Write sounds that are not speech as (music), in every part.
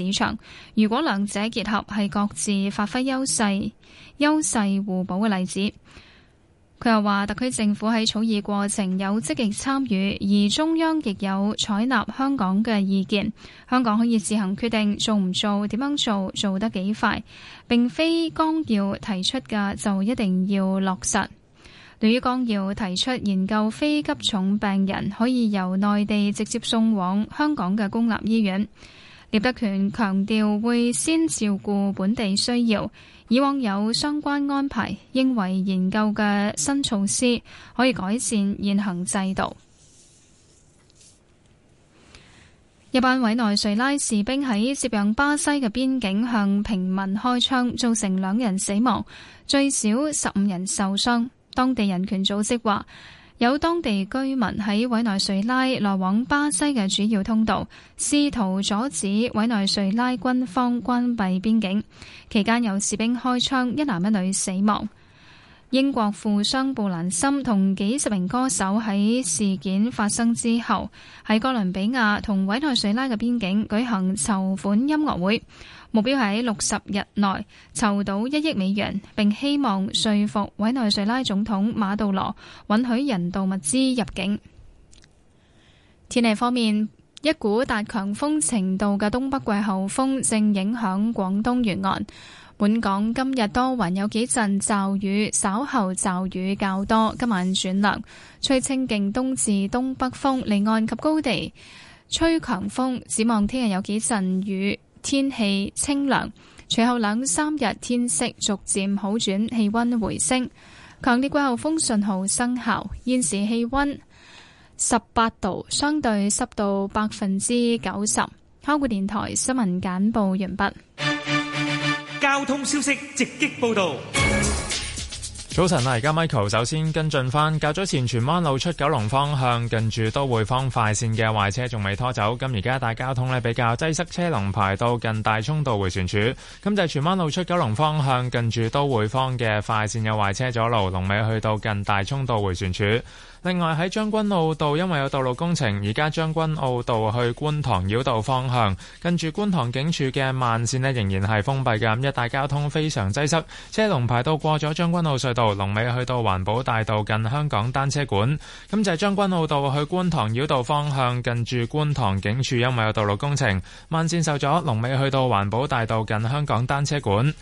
市場如果兩者結合，係各自發揮優勢、優勢互補嘅例子。佢又話，特區政府喺草擬過程有積極參與，而中央亦有採納香港嘅意見。香港可以自行決定做唔做、點樣做、做得幾快，並非綱要提出嘅就一定要落實。對於綱要提出研究非急重病人可以由內地直接送往香港嘅公立醫院。聶德權強調會先照顧本地需要，以往有相關安排，認為研究嘅新措施可以改善現行制度。 (noise) 一班委內瑞拉士兵喺接壤巴西嘅邊境向平民開槍，造成兩人死亡，最少十五人受傷。當地人權組織話。有當地居民喺委內瑞拉來往巴西嘅主要通道，試圖阻止委內瑞拉軍方關閉邊境。期間有士兵開槍，一男一女死亡。英國富商布蘭森同幾十名歌手喺事件發生之後，喺哥倫比亞同委內瑞拉嘅邊境舉行籌款音樂會。目標喺六十日內籌到一億美元，並希望說服委內瑞拉總統馬杜羅允許人道物資入境。天氣方面，一股達強風程度嘅東北季候風正影響廣東沿岸。本港今日多雲，有幾陣驟雨，稍後驟雨較多。今晚轉涼，吹清勁東至東北風，離岸及高地吹強風。展望聽日有幾陣雨。天氣清涼，隨後兩三日天色逐漸好轉，氣溫回升。強烈季候風信號生效，現時氣溫十八度，相對濕度百分之九十。香港電台新聞簡報完畢。交通消息直擊報道。早晨啊，而家 Michael 首先跟進返較早前荃灣路出九龍方向，近住都會坊快綫嘅壞車仲未拖走，咁而家大交通呢，比較擠塞，車龍排到近大涌道回旋處。咁就荃灣路出九龍方向，近住都會坊嘅快綫嘅壞車阻路，龍尾去到近大涌道回旋處。另外喺將軍澳道，因為有道路工程，而家將軍澳道去觀塘繞道方向，近住觀塘警署嘅慢線呢仍然係封閉嘅，一帶交通非常擠塞，車龍排到過咗將軍澳隧道，龍尾去到環保大道近香港單車館。咁就係將軍澳道去觀塘繞道方向，近住觀塘警署，因為有道路工程，慢線受阻，龍尾去到環保大道近香港單車館。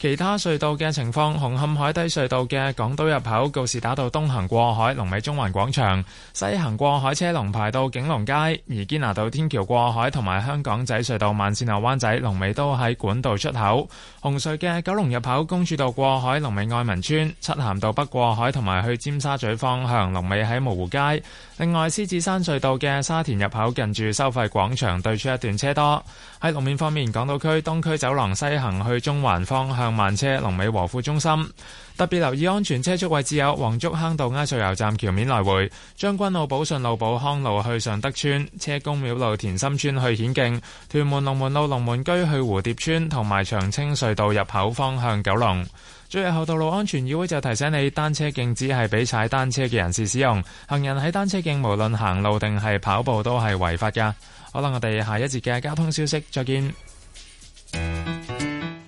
其他隧道嘅情況，紅磡海底隧道嘅港島入口告士打道東行過海，龍尾中環廣場；西行過海車龍排到景隆街。而堅拿道天橋過海同埋香港仔隧道慢綫後灣仔龍尾都喺管道出口。紅隧嘅九龍入口公主道過海龍尾愛民村，漆咸道北過海同埋去尖沙咀方向龍尾喺蕪湖街。另外，獅子山隧道嘅沙田入口近住收費廣場對出一段車多。喺路面方面，港島區東區走廊西行去中環方向。慢車龍尾和富中心，特別留意安全車速位置有黃竹坑道埃索油站橋面來回將軍澳寶順路、寶康路去尚德村、車公廟路、田心村去顯徑、屯門龍門路、龍門居去蝴蝶村同埋長青隧道入口方向九龍。最後，道路安全議會就提醒你，單車徑只係俾踩單車嘅人士使用，行人喺單車徑無論行路定係跑步都係違法噶。好啦，我哋下一節嘅交通消息再見。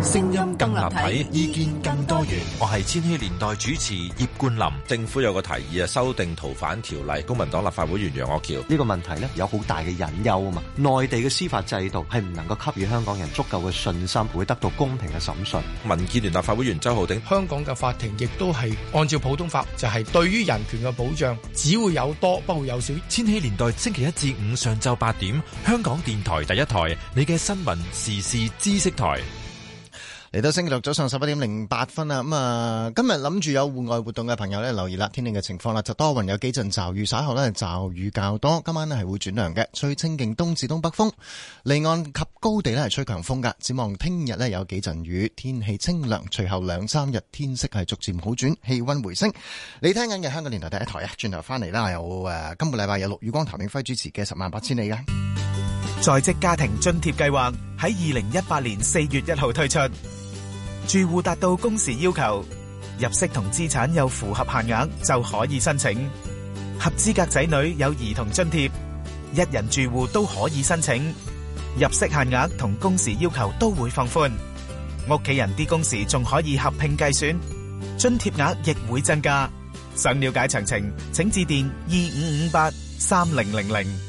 聲音更立體，意見更多元。我係千禧年代主持葉冠霖。政府有個提議啊，修訂逃犯條例。公民黨立法會議員楊岳橋，呢個問題咧，有好大嘅隱憂啊！嘛，內地嘅司法制度係唔能夠給予香港人足夠嘅信心，會得到公平嘅審訊。民建聯立法會議員周浩鼎，香港嘅法庭亦都係按照普通法，就係對於人權嘅保障只會有多，不會有少。千禧年代星期一至五上晝八點，香港電台第一台，你嘅新聞時事知識台。嚟到星期六早上十一點零八分啊，咁啊，今日諗住有戶外活動嘅朋友咧，留意啦，天氣嘅情況啦，就多雲有幾陣驟雨，稍後呢，驟雨，雨較多，今晚咧係會轉涼嘅，吹清勁東至東北風，離岸及高地咧係吹強風噶，展望聽日呢，有幾陣雨，天氣清涼，隨後兩三日天色係逐漸好轉，氣溫回升。你聽緊嘅香港電台第一台啊，轉頭翻嚟啦，有誒，今個禮拜有陸宇光、譚永輝主持嘅《十萬八千里》嘅在職家庭津貼計劃喺二零一八年四月一號推出。住戶達到工時要求，入息同資產又符合限額就可以申請。合資格仔女有兒童津貼，一人住戶都可以申請。入息限額同工時要求都會放寬，屋企人啲工時仲可以合併計算，津貼額亦會增加。想了解詳情，請致電二五五八三零零零。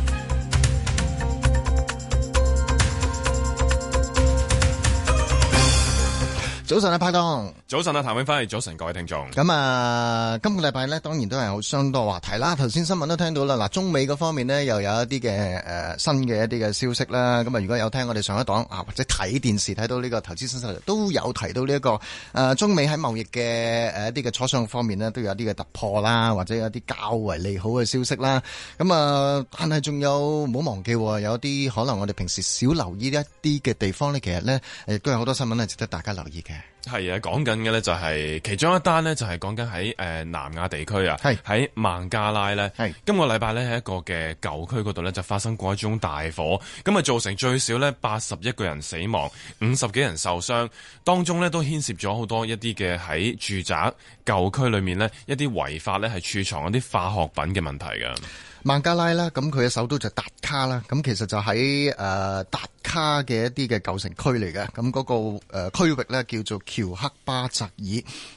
早晨啊，拍檔！早晨啊，譚永輝！早晨，各位聽眾。咁啊、呃，今個禮拜呢，當然都係好相當多話題啦。頭先新聞都聽到啦，嗱、呃，中美嗰方面呢，又有一啲嘅誒新嘅一啲嘅消息啦。咁啊，如果有聽我哋上一檔啊，或者睇電視睇到呢、這個投資新勢力，都有提到呢、這、一個誒、呃、中美喺貿易嘅誒一啲嘅磋商方面呢，都有啲嘅突破啦，或者有一啲較為利好嘅消息啦。咁、嗯、啊、呃，但係仲有唔好忘記，有啲可能我哋平時少留意一啲嘅地方呢，其實呢，誒都有好多新聞呢，值得大家留意嘅。係啊，講緊嘅咧就係其中一單呢，就係講緊喺誒南亞地區啊，喺孟加拉咧，是今個禮拜咧喺一個嘅舊區嗰度咧就發生過一種大火，咁啊造成最少咧八十一個人死亡，五十幾人受傷，當中咧都牽涉咗好多一啲嘅喺住宅舊區裏面呢，一啲違法咧係儲藏一啲化學品嘅問題㗎。孟加拉啦，咁佢嘅首都就達卡啦，咁其實就喺誒達。呃達卡嘅一啲嘅舊城區嚟嘅，咁、那、嗰個誒、呃、區域咧叫做喬克巴扎爾，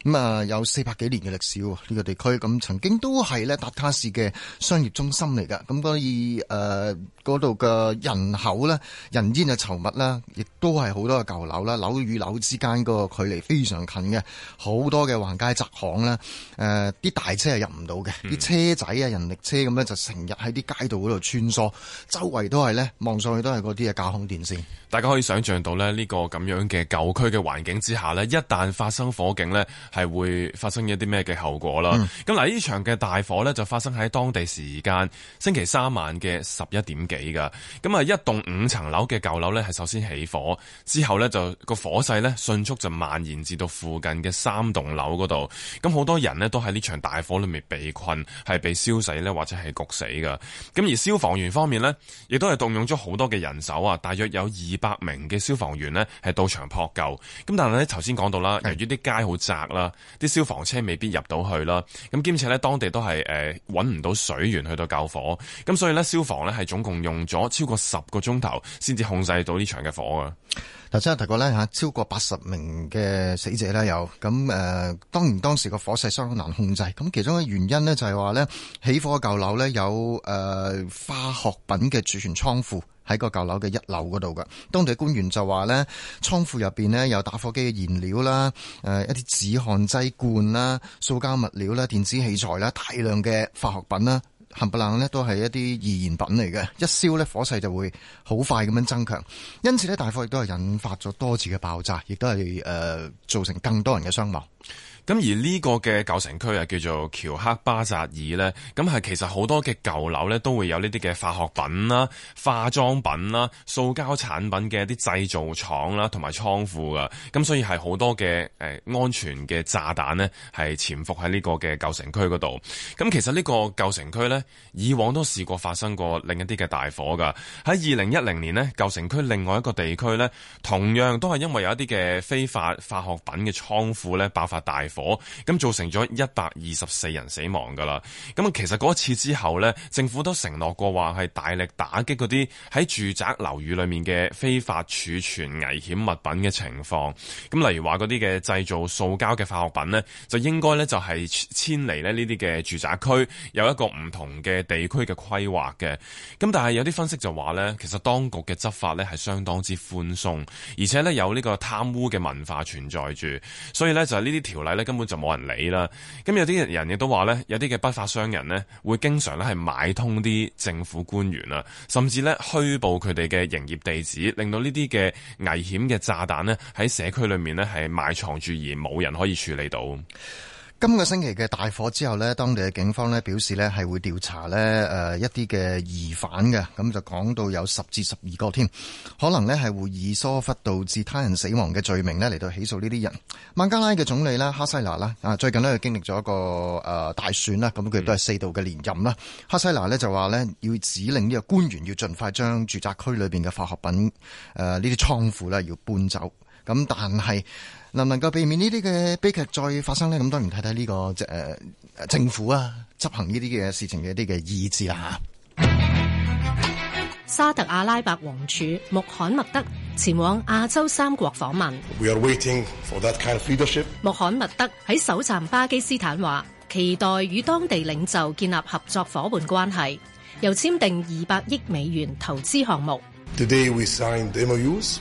咁啊有四百幾年嘅歷史呢、呢個地區，咁、嗯、曾經都係咧達卡市嘅商業中心嚟嘅，咁所以誒度嘅人口咧人煙啊稠密啦，亦都係好多嘅舊樓啦，樓與樓之間個距離非常近嘅，好多嘅橫街窄巷啦，誒啲大車係入唔到嘅，啲、嗯、車仔啊人力車咁咧就成日喺啲街道度穿梭，周圍都係咧望上去都係嗰啲嘅架空電。大家可以想象到呢，呢、呢個咁樣嘅舊區嘅環境之下呢，一旦發生火警呢，係會發生一啲咩嘅後果啦。咁嗱、嗯，呢場嘅大火呢，就發生喺當地時間星期三晚嘅十一點幾噶。咁啊，一棟五層樓嘅舊樓呢，係首先起火，之後呢，就個火勢呢，迅速就蔓延至到附近嘅三棟樓嗰度。咁好多人呢，都喺呢場大火裏面被困，係被燒死呢，或者係焗死嘅。咁而消防員方面呢，亦都係動用咗好多嘅人手啊，大約，有二百名嘅消防員呢係到場撲救。咁但係咧，頭先講到啦，由於啲街好窄啦，啲消防車未必入到去啦。咁兼且咧，當地都係誒搵唔到水源去到救火。咁所以咧，消防呢係總共用咗超過十個鐘頭，先至控制到呢場嘅火啊。頭先有提過咧吓，超過八十名嘅死者咧有。咁、呃、誒，當然當時個火勢相當難控制。咁其中嘅原因呢，就係話呢起火嘅舊樓咧有誒、呃、化學品嘅儲存倉庫。喺個舊樓嘅一樓嗰度噶，當地嘅官員就話咧，倉庫入邊咧有打火機嘅燃料啦，誒、呃、一啲止汗劑罐啦、塑膠物料啦、電子器材啦、大量嘅化學品啦，冚唪唥咧都係一啲易燃品嚟嘅，一燒咧火勢就會好快咁樣增強，因此咧大火亦都係引發咗多次嘅爆炸，亦都係誒、呃、造成更多人嘅傷亡。咁而呢個嘅舊城區啊，叫做喬克巴扎爾咧，咁係其實好多嘅舊樓咧，都會有呢啲嘅化學品啦、化妝品啦、塑膠產品嘅一啲製造廠啦，同埋倉庫噶。咁所以係好多嘅誒安全嘅炸彈咧，係潛伏喺呢個嘅舊城區度。咁其實呢個舊城區咧，以往都試過發生過另一啲嘅大火噶。喺二零一零年咧，舊城區另外一個地區咧，同樣都係因為有一啲嘅非法化學品嘅倉庫咧，爆發大火。火，咁造成咗一百二十四人死亡噶啦。咁啊，其實嗰一次之後咧，政府都承諾過話係大力打擊嗰啲喺住宅樓宇裏面嘅非法儲存危險物品嘅情況。咁例如話嗰啲嘅製造塑膠嘅化學品咧，就應該咧就係遷離咧呢啲嘅住宅區，有一個唔同嘅地區嘅規劃嘅。咁但係有啲分析就話咧，其實當局嘅執法咧係相當之寬鬆，而且咧有呢個貪污嘅文化存在住，所以咧就係呢啲條例咧。根本就冇人理啦。咁有啲人亦都話呢，有啲嘅不法商人呢會經常咧係買通啲政府官員呀，甚至呢虛報佢哋嘅營業地址，令到呢啲嘅危險嘅炸彈呢喺社區裏面咧係埋藏住而冇人可以處理到。今個星期嘅大火之後咧，當地嘅警方咧表示咧，係會調查咧誒一啲嘅疑犯嘅，咁就講到有十至十二個添，可能咧係會以疏忽導致他人死亡嘅罪名咧嚟到起訴呢啲人。孟加拉嘅總理呢，哈西娜啦，啊最近咧去經歷咗一個誒大選啦，咁佢都係四度嘅連任啦。嗯、哈西娜呢，就話咧要指令呢個官員要盡快將住宅區裏邊嘅化學品誒呢啲倉庫呢要搬走。咁但係能唔能夠避免呢啲嘅悲劇再發生呢？咁當然睇睇呢個即誒、呃、政府啊執行呢啲嘅事情嘅一啲嘅意志啦、啊、吓。沙特阿拉伯王儲穆罕默德前往亞洲三國訪問。We are waiting for that kind of leadership。穆罕默德喺 kind of 首站巴基斯坦話，期待與當地領袖建立合作夥伴關係，又簽訂二百億美元投資項目。Today we signed MOUs。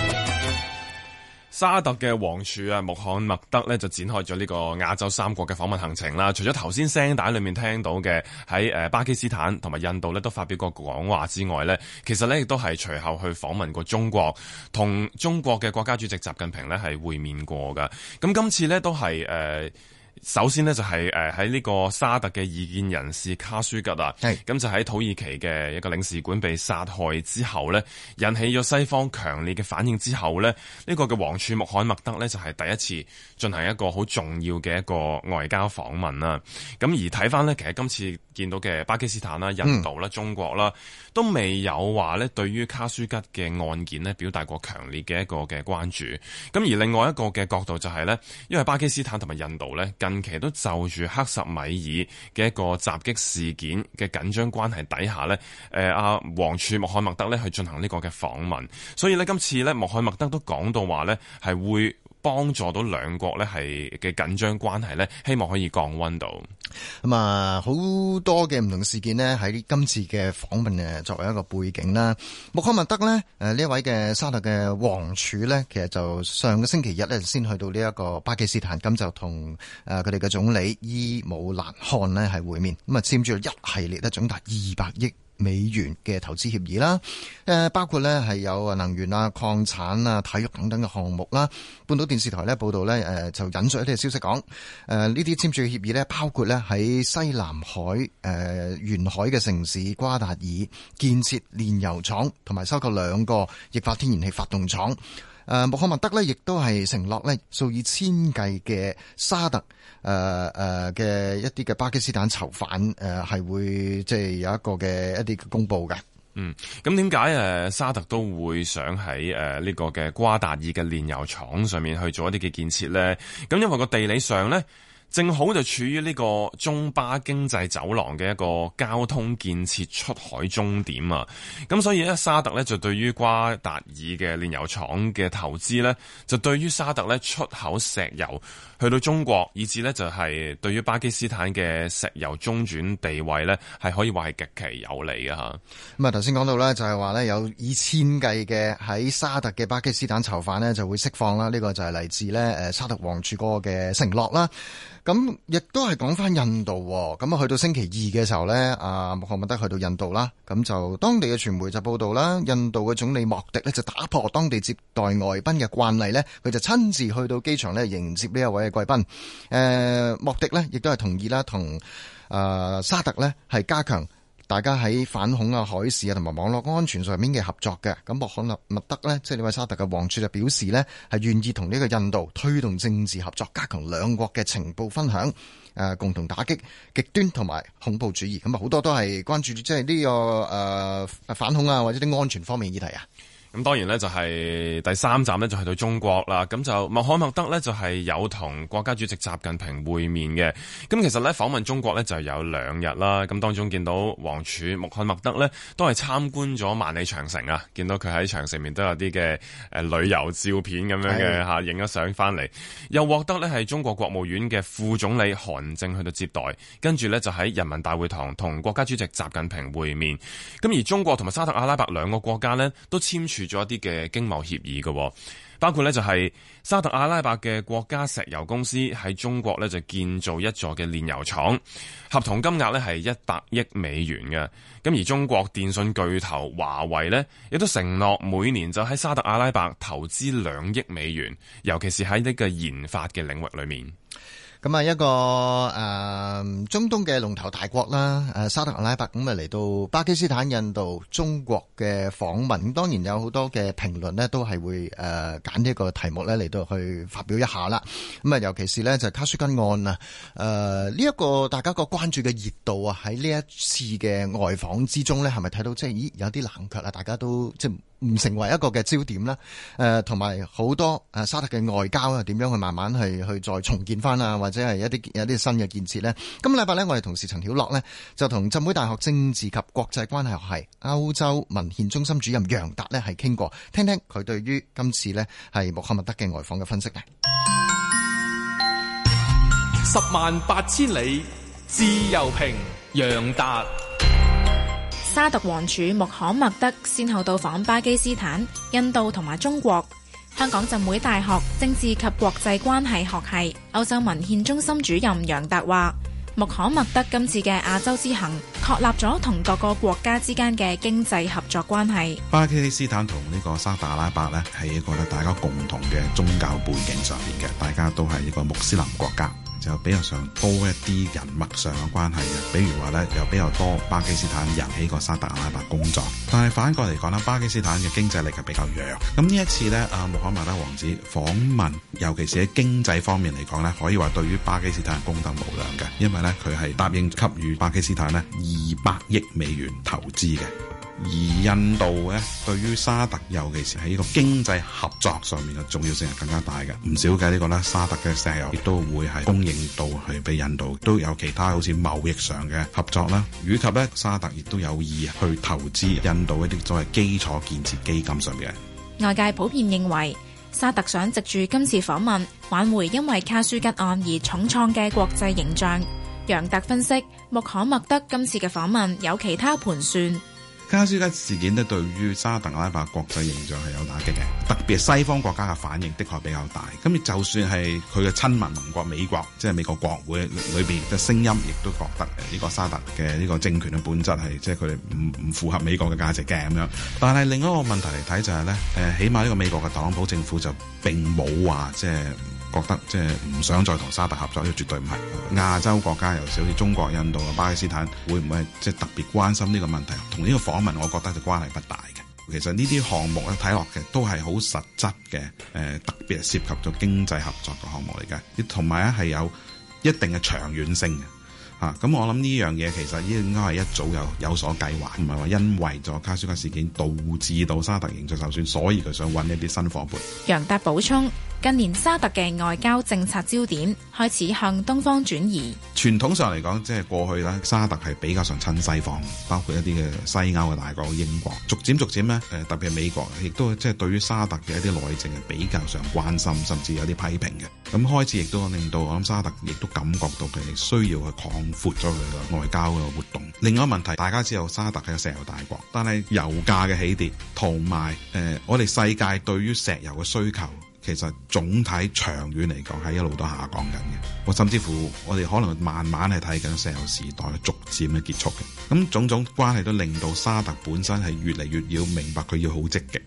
沙特嘅王儲啊，穆罕默德咧就展開咗呢個亞洲三國嘅訪問行程啦。除咗頭先聲帶裏面聽到嘅喺誒巴基斯坦同埋印度咧，都發表過講話之外咧，其實咧亦都係隨後去訪問過中國同中國嘅國家主席習近平咧，係會面過嘅。咁今次咧都係誒。呃首先呢，就係誒喺呢個沙特嘅異見人士卡舒吉啊，咁是就喺土耳其嘅一個領事館被殺害之後呢，引起咗西方強烈嘅反應之後呢，呢、呢個嘅王儲穆罕默德呢，就係第一次進行一個好重要嘅一個外交訪問啦。咁而睇翻呢，其實今次見到嘅巴基斯坦啦、印度啦、嗯、中國啦。都未有話呢，對於卡舒吉嘅案件呢，表達過強烈嘅一個嘅關注。咁而另外一個嘅角度就係呢，因為巴基斯坦同埋印度呢，近期都就住克什米爾嘅一個襲擊事件嘅緊張關係底下呢，誒阿王儲、穆罕默德呢，去進行呢個嘅訪問。所以呢，今次呢，穆罕默德都講到話呢係會。幫助到兩國咧，係嘅緊張關係咧，希望可以降溫度。咁啊、嗯。好多嘅唔同事件咧，喺今次嘅訪問誒，作為一個背景啦。穆罕默德咧，誒呢一位嘅沙特嘅王儲咧，其實就上個星期日咧先去到呢一個巴基斯坦，咁就同誒佢哋嘅總理伊姆蘭汗咧係會面咁啊，簽住一系列啊，總達二百億。美元嘅投資協議啦，誒包括呢係有能源啊、礦產啊、體育等等嘅項目啦。半島電視台呢報導呢，誒就引述一啲消息講，誒呢啲簽署嘅協議包括呢喺西南海誒、呃、沿海嘅城市瓜達爾建設煉油廠，同埋收購兩個液化天然氣發動廠。誒、啊、穆罕默德咧，亦都係承諾咧數以千計嘅沙特誒誒嘅一啲嘅巴基斯坦囚犯誒係、呃、會即係有一個嘅一啲嘅公佈嘅。嗯，咁點解誒沙特都會想喺誒呢個嘅瓜達爾嘅煉油廠上面去做一啲嘅建設咧？咁因為個地理上咧。正好就處於呢個中巴經濟走廊嘅一個交通建設出海終點啊，咁所以咧沙特咧就對於瓜達爾嘅煉油廠嘅投資咧，就對於沙特咧出口石油去到中國，以至咧就係對於巴基斯坦嘅石油中轉地位咧，係可以話係極其有利嘅吓。咁啊頭先講到咧，就係話咧有以千計嘅喺沙特嘅巴基斯坦囚犯呢，就會釋放啦，呢個就係嚟自咧誒沙特王儲嗰個嘅承諾啦。咁、嗯、亦都係講返印度喎，咁、嗯、啊去到星期二嘅時候咧，阿穆罕默德去到印度啦，咁、嗯、就當地嘅傳媒就報道啦，印度嘅總理莫迪呢就打破當地接待外賓嘅慣例咧，佢就親自去到機場咧迎接呢一位嘅貴賓。誒、啊，莫迪呢亦都係同意啦，同誒、啊、沙特呢係加強大家喺反恐啊、海事啊同埋網絡安全上面嘅合作嘅，咁穆罕默德咧，即係呢位沙特嘅王儲就表示呢，係願意同呢個印度推動政治合作，加強兩國嘅情報分享，誒、呃、共同打擊極端同埋恐怖主義。咁啊，好多都係關注即係呢個誒、呃、反恐啊，或者啲安全方面議題啊。咁當然呢，就係第三站呢，就係到中國啦，咁就穆罕默德呢，就係有同國家主席習近平會面嘅。咁其實呢，訪問中國呢就有兩日啦，咁當中見到王儲穆罕默德呢，都係參觀咗萬里長城啊，見到佢喺長城面都有啲嘅誒旅遊照片咁樣嘅嚇，影咗相翻嚟，又獲得呢係中國國務院嘅副總理韓正去到接待，跟住呢，就喺人民大會堂同國家主席習近平會面。咁而中國同埋沙特阿拉伯兩個國家呢，都簽署住咗一啲嘅經貿協議嘅、哦，包括呢就係、是、沙特阿拉伯嘅國家石油公司喺中國呢就建造一座嘅煉油廠，合同金額呢係一百億美元嘅。咁而中國電信巨頭華為呢亦都承諾每年就喺沙特阿拉伯投資兩億美元，尤其是喺呢個研發嘅領域裏面。咁啊，一個誒、呃、中東嘅龍頭大國啦，誒、呃、沙特阿拉伯咁啊嚟到巴基斯坦、印度、中國嘅訪問，咁當然有好多嘅評論呢，都係會誒揀呢一個題目呢嚟到去發表一下啦。咁啊，尤其是呢，就係卡舒根案啊，誒呢一個大家個關注嘅熱度啊，喺呢一次嘅外訪之中呢，係咪睇到即係咦有啲冷卻啊？大家都即係。唔成為一個嘅焦點啦，誒、呃，同埋好多誒沙特嘅外交啊，點樣去慢慢去去再重建翻啊，或者係一啲一啲新嘅建設呢？今日禮拜呢，我哋同事陳曉樂呢，就同浸會大學政治及國際關係學系歐洲文獻中心主任楊達呢，係傾過，聽聽佢對於今次呢，係穆罕默德嘅外訪嘅分析嘅。十萬八千里自由平，楊達。沙特王儲穆罕默德先後到訪巴基斯坦、印度同埋中國。香港浸會大學政治及國際關係學系歐洲文獻中心主任楊達話：穆罕默德今次嘅亞洲之行確立咗同各個國家之間嘅經濟合作關係，巴基斯坦同呢個沙特阿拉伯咧係一個大家共同嘅宗教背景上面嘅，大家都係一個穆斯林國家。就比較想上多一啲人脈上嘅關係嘅，比如話咧，又比較多巴基斯坦人喺個沙特阿拉伯工作。但係反過嚟講啦，巴基斯坦嘅經濟力係比較弱。咁呢一次咧，阿、啊、穆罕默德王子訪問，尤其是喺經濟方面嚟講咧，可以話對於巴基斯坦功德無量嘅，因為咧佢係答應給予巴基斯坦呢二百億美元投資嘅。而印度咧，對於沙特，尤其是喺呢個經濟合作上面嘅重要性係更加大嘅。唔少嘅、這個、呢個咧，沙特嘅石油亦都會係供應到去俾印度，都有其他好似貿易上嘅合作啦，以及咧沙特亦都有意去投資印度一啲作為基礎建設基金上邊嘅。外界普遍認為沙特想藉住今次訪問挽回因為卡舒吉案而重創嘅國際形象。楊特分析，穆罕默德今次嘅訪問有其他盤算。卡舒吉事件咧，對於沙特阿拉伯國際形象係有打擊嘅，特別西方國家嘅反應的確比較大。咁就算係佢嘅親民盟國美國，即係美國國會裏邊嘅聲音，亦都覺得呢個沙特嘅呢個政權嘅本質係即係佢哋唔唔符合美國嘅價值嘅咁樣。但係另一個問題嚟睇就係咧，誒，起碼呢個美國嘅特朗普政府就並冇話即係。覺得即係唔想再同沙特合作，呢個絕對唔係。亞洲國家尤其係，中國、印度啊、巴基斯坦，會唔會即係特別關心呢個問題？同呢個訪問，我覺得就關係不大嘅。其實呢啲項目睇落其實都係好實質嘅，誒特別係涉及咗經濟合作嘅項目嚟嘅。同埋啊係有一定嘅長遠性嘅嚇。咁、啊、我諗呢樣嘢其實應該係一早有有所計劃，唔係話因為咗卡舒卡事件導致到沙特形象受損，所以佢想揾一啲新夥伴。楊達補充。近年沙特嘅外交政策焦點開始向東方轉移。傳統上嚟講，即係過去咧，沙特係比較上親西方，包括一啲嘅西歐嘅大國英國。逐漸逐漸咧，誒、呃，特別係美國，亦都即係對於沙特嘅一啲內政係比較上關心，甚至有啲批評嘅。咁開始亦都令到我諗沙特亦都感覺到佢哋需要去擴闊咗佢嘅外交嘅活動。另外一個問題，大家知道沙特係個石油大國，但係油價嘅起跌同埋誒，我哋世界對於石油嘅需求，其實總體長遠嚟講，係一路都下降緊嘅。我甚至乎，我哋可能慢慢係睇緊石油時代逐漸嘅結束嘅。咁種種關係都令到沙特本身係越嚟越要明白，佢要好積極。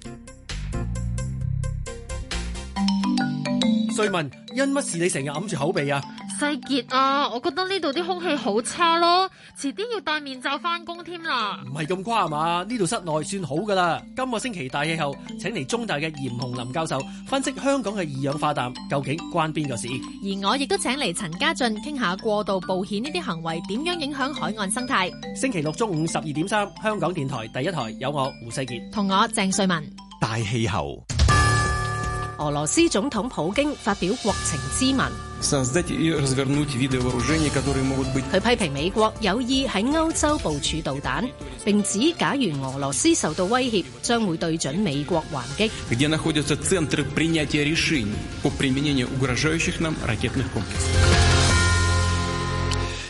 瑞文，因乜事你成日揞住口鼻啊？世傑啊，我覺得呢度啲空氣好差咯，遲啲要戴面罩翻工添啦。唔係咁誇嘛，呢度室內算好噶啦。今個星期大氣候，請嚟中大嘅嚴洪林教授分析香港嘅二氧化氮究竟關邊個事。而我亦都請嚟陳家俊傾下過度捕遣呢啲行為點樣影響海岸生態。星期六中午十二點三，3，香港電台第一台有我胡世傑同我鄭瑞文大氣候。俄羅斯總統普京發表國情咨文。佢 (music) 批評美國有意喺歐洲部署導彈，並指假如俄羅斯受到威脅，將會對準美國還擊。 (music)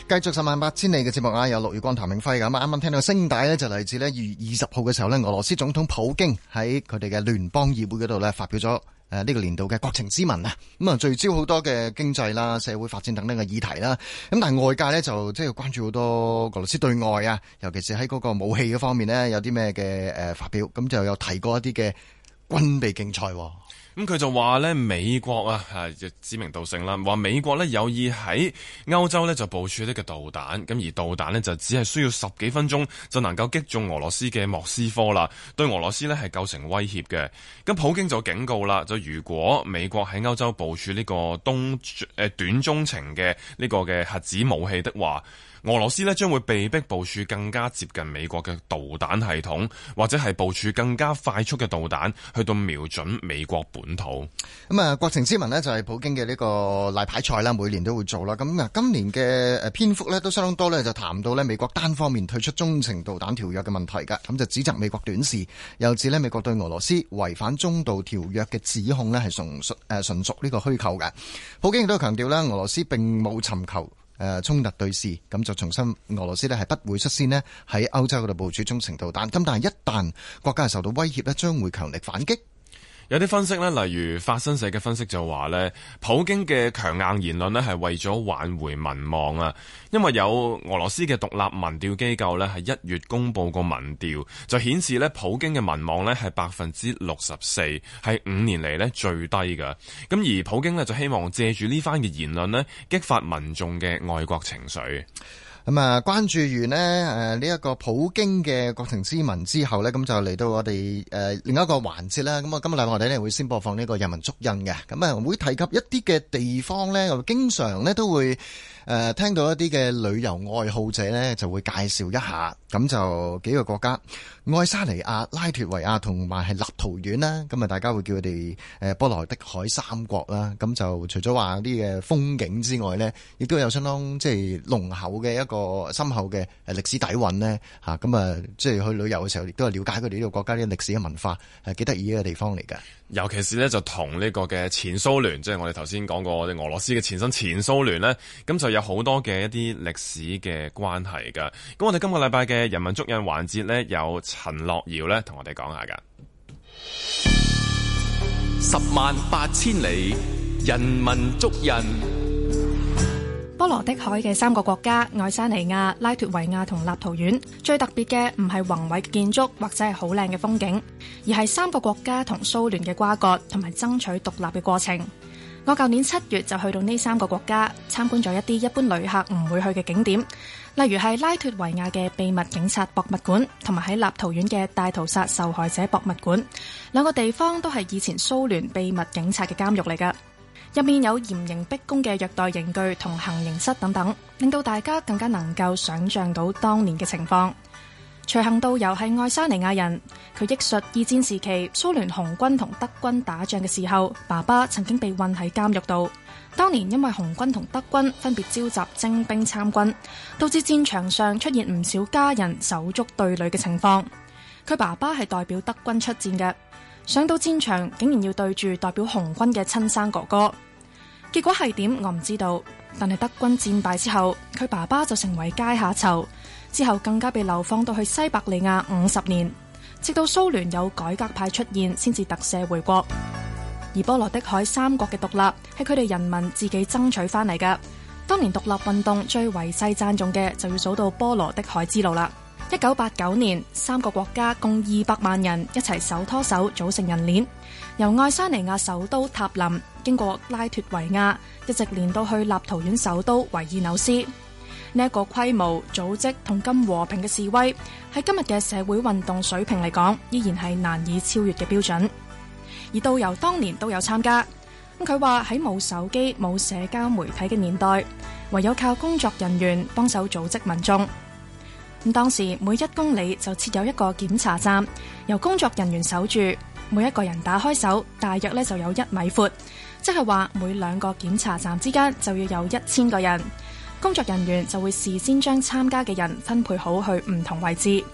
繼續十萬八千里嘅節目啊！有陸月光譚、譚永輝咁啊！啱啱聽到嘅聲帶咧，就嚟自咧二月二十號嘅時候咧，俄羅斯總統普京喺佢哋嘅聯邦議會嗰度咧發表咗。誒，呢個年度嘅國情咨文啊，咁啊聚焦好多嘅經濟啦、社會發展等等嘅議題啦，咁但係外界咧就即係關注好多俄羅斯對外啊，尤其是喺嗰個武器方面咧有啲咩嘅誒發表，咁就有提過一啲嘅軍備競賽。咁佢就話咧美國啊，啊指名道姓啦，話美國咧有意喺歐洲咧就部署呢個導彈，咁而導彈咧就只係需要十幾分鐘就能夠擊中俄羅斯嘅莫斯科啦，對俄羅斯咧係構成威脅嘅。咁普京就警告啦，就如果美國喺歐洲部署呢個東誒、呃、短中程嘅呢個嘅核子武器的話。俄羅斯咧將會被迫部署更加接近美國嘅導彈系統，或者係部署更加快速嘅導彈去到瞄準美國本土。咁啊，國情咨文咧就係普京嘅呢個例牌菜啦，每年都會做啦。咁啊，今年嘅誒篇幅咧都相當多咧，就談到咧美國單方面退出中程導彈條約嘅問題嘅，咁就指責美國短視，又指咧美國對俄羅斯違反中導條約嘅指控咧係純屬誒純屬呢個虛構嘅。普京亦都強調啦，俄羅斯並冇尋求。誒、呃、衝突對峙，咁就重申俄羅斯咧係不會率先咧喺歐洲嗰度部署中程導彈，咁但係一旦國家受到威脅咧，將會強力反擊。有啲分析咧，例如法新社嘅分析就話咧，普京嘅強硬言論，咧係為咗挽回民望啊，因為有俄羅斯嘅獨立民調機構，咧係一月公布過民調，就顯示咧普京嘅民望咧係百分之六十四，係五年嚟，咧最低嘅，咁而普京咧就希望借住呢番嘅言論，咧激發民眾嘅愛國情緒。咁啊，關注完咧誒呢一個普京嘅國情咨文之後呢，咁就嚟到我哋誒另一個環節啦。咁啊，今日禮拜我哋咧會先播放呢個人民足印嘅，咁啊會提及一啲嘅地方咧，經常咧都會誒聽到一啲嘅旅遊愛好者呢就會介紹一下，咁就幾個國家。愛沙尼亞、拉脫維亞同埋係立陶宛啦，咁啊大家會叫佢哋誒波羅的海三國啦。咁就除咗話啲嘅風景之外咧，亦都有相當即係濃厚嘅一個深厚嘅誒歷史底蘊咧。吓，咁啊即係去旅遊嘅時候，亦都係了解佢哋呢個國家啲歷史嘅文化，係幾得意嘅地方嚟㗎。尤其是呢，就同呢個嘅前蘇聯，即係我哋頭先講過我哋俄羅斯嘅前身前蘇聯呢，咁就有好多嘅一啲歷史嘅關係噶。咁我哋今個禮拜嘅人民足印環節呢，有。陳樂瑤咧，同我哋講下噶。十萬八千里，人民足印。波羅的海嘅三個國家——愛沙尼亞、拉脫維亞同立陶宛，最特別嘅唔係宏偉建築或者係好靚嘅風景，而係三個國家同蘇聯嘅瓜葛同埋爭取獨立嘅過程。我舊年七月就去到呢三個國家參觀咗一啲一般旅客唔會去嘅景點。例如係拉脱維亞嘅秘密警察博物館，同埋喺立陶宛嘅大屠殺受害者博物館，兩個地方都係以前蘇聯秘密警察嘅監獄嚟噶。入面有嚴刑逼供嘅虐待刑具同行刑室等等，令到大家更加能夠想像到當年嘅情況。隨行導遊係愛沙尼亞人，佢憶述二戰時期蘇聯紅軍同德軍打仗嘅時候，爸爸曾經被困喺監獄度。當年因為紅軍同德軍分別召集徵兵參軍，導致戰場上出現唔少家人手足對壘嘅情況。佢爸爸係代表德軍出戰嘅，上到戰場竟然要對住代表紅軍嘅親生哥哥。結果係點我唔知道，但係德軍戰敗之後，佢爸爸就成為階下囚，之後更加被流放到去西伯利亞五十年，直到蘇聯有改革派出現，先至特赦回國。而波羅的海三國嘅獨立係佢哋人民自己爭取翻嚟嘅。當年獨立運動最為世贊重嘅，就要數到波羅的海之路啦。一九八九年，三個國家共二百萬人一齊手拖手組成人鏈，由愛沙尼亞首都塔林經過拉脫維亞，一直連到去立陶宛首都維爾紐斯。呢、這、一個規模、組織同今和平嘅示威，喺今日嘅社會運動水平嚟講，依然係難以超越嘅標準。而導遊當年都有參加。佢話喺冇手機、冇社交媒體嘅年代，唯有靠工作人員幫手組織民眾。咁當時每一公里就設有一個檢查站，由工作人員守住。每一個人打開手，大約咧就有一米闊，即係話每兩個檢查站之間就要有一千個人。工作人員就會事先將參加嘅人分配好去唔同位置。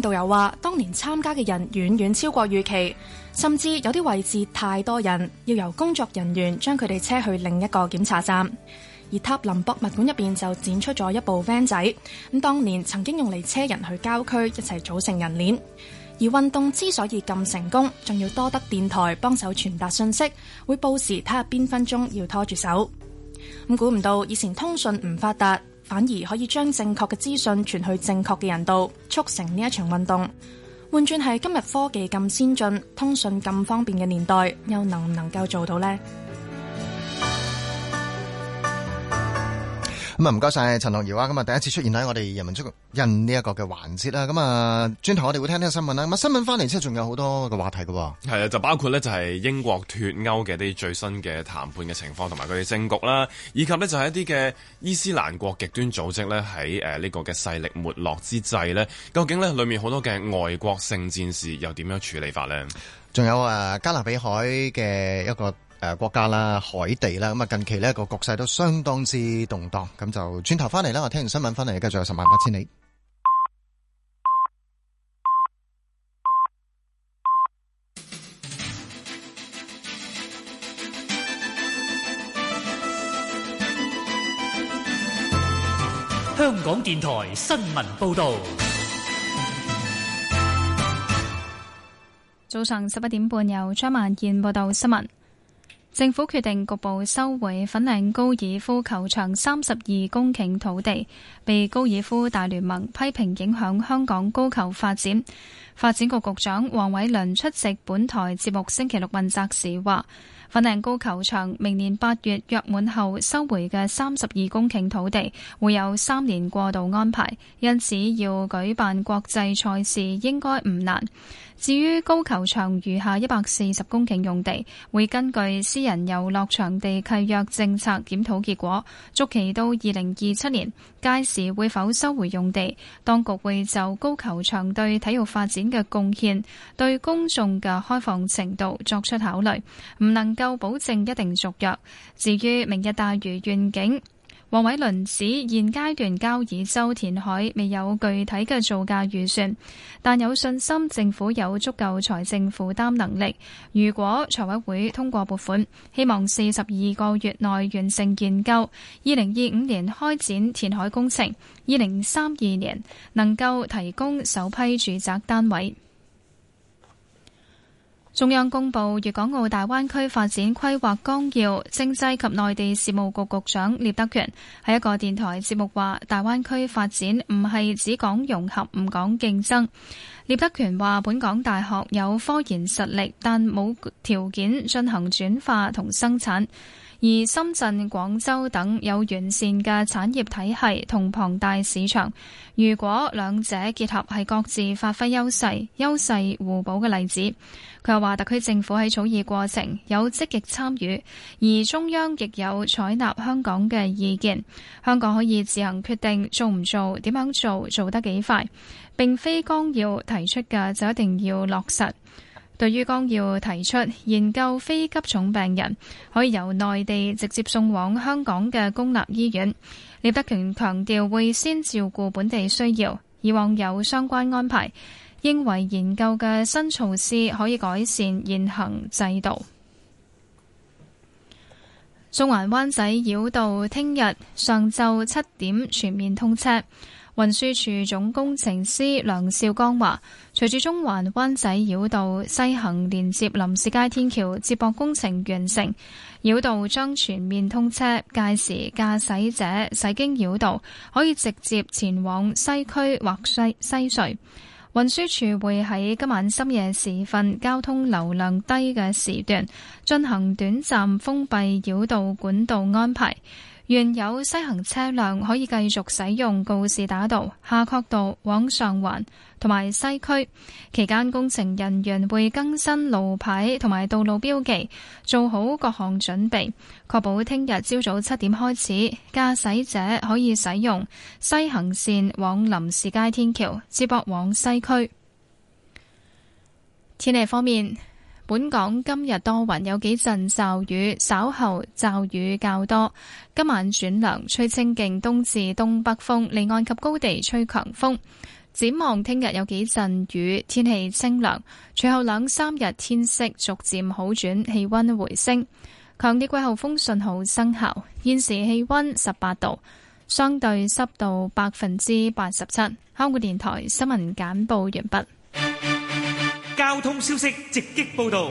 導遊話：當年參加嘅人遠遠超過預期，甚至有啲位置太多人，要由工作人員將佢哋車去另一個檢查站。而塔林博物館入邊就展出咗一部 van 仔，咁當年曾經用嚟車人去郊區，一齊組成人鏈。而運動之所以咁成功，仲要多得電台幫手傳達信息，會報時睇下邊分鐘要拖住手。咁估唔到以前通訊唔發達。反而可以將正確嘅資訊傳去正確嘅人度，促成呢一場運動。換轉係今日科技咁先進，通訊咁方便嘅年代，又能唔能夠做到呢？咁啊，唔該晒陳龍堯啊！咁啊，第一次出現喺我哋《人民出音》呢一個嘅環節啦。咁啊，轉頭我哋會聽聽新聞啦。咁啊，新聞翻嚟之後，仲有好多嘅話題噶，係啊，就包括咧，就係英國脫歐嘅啲最新嘅談判嘅情況，同埋佢哋政局啦，以及呢，就係一啲嘅伊斯蘭國極端組織咧，喺誒呢個嘅勢力沒落之際咧，究竟呢裏面好多嘅外國聖戰士又點樣處理法呢？仲有啊，加勒比海嘅一個。誒、呃，國家啦，海地啦，咁啊，近期呢個局勢都相當之動盪。咁就轉頭翻嚟啦，我聽完新聞翻嚟，繼續有十萬八千里。香港電台新聞報道，早上十一點半，由張萬健報道新聞。政府決定局部收回粉嶺高爾夫球場三十二公頃土地，被高爾夫大聯盟批評影響香港高球發展。發展局局長黃偉綸出席本台節目星期六問責時話：粉嶺高球場明年八月約滿後收回嘅三十二公頃土地會有三年過渡安排，因此要舉辦國際賽事應該唔難。至於高球場餘下一百四十公頃用地，會根據私人遊樂場地契約政策檢討結果，續期到二零二七年，屆時會否收回用地，當局會就高球場對體育發展嘅貢獻、對公眾嘅開放程度作出考慮，唔能夠保證一定續約。至於明日大嶼願景。黃偉綸指現階段交椅洲填海未有具體嘅造價預算，但有信心政府有足夠財政負擔能力。如果財委會通過撥款，希望四十二個月內完成研究，二零二五年開展填海工程，二零三二年能夠提供首批住宅單位。中央公布粵港澳大灣區發展規劃綱要，政制及內地事務局局長聶德權喺一個電台節目話，大灣區發展唔係只講融合，唔講競爭。聶德權話，本港大學有科研實力，但冇條件進行轉化同生產。而深圳、廣州等有完善嘅產業體系同龐大市場，如果兩者結合，係各自發揮優勢，優勢互補嘅例子。佢又話，特區政府喺草擬過程有積極參與，而中央亦有採納香港嘅意見，香港可以自行決定做唔做、點樣做、做得幾快，並非綱要提出嘅就一定要落實。對於綱要提出研究非急重病人可以由內地直接送往香港嘅公立醫院，聶德權強調會先照顧本地需要。以往有相關安排，認為研究嘅新措施可以改善現行制度。中環灣仔繞道聽日上晝七點全面通車。運輸署總工程師梁少剛話，隨住中環灣仔繞道西行連接林士街天橋接駁工程完成，繞道將全面通車，屆時駕駛者駛經繞道可以直接前往西區或西西隧。運輸署會喺今晚深夜時分，交通流量低嘅時段進行短暫封閉繞道管道安排。原有西行車輛可以繼續使用告士打道、夏愨道、往上環同埋西區。期間工程人員會更新路牌同埋道路標記，做好各項準備，確保聽日朝早七點開始，駕駛者可以使用西行線往林士街天橋接駁往西區。天氣方面。本港今日多雲，有幾陣驟雨，稍後驟雨較多。今晚轉涼，吹清勁東至東北風，離岸及高地吹強風。展望聽日有幾陣雨，天氣清涼。隨後兩三日天色逐漸好轉，氣溫回升。強烈季候風信號生效。現時氣溫十八度，相對濕度百分之八十七。香港電台新聞簡報完畢。交通消息直擊報道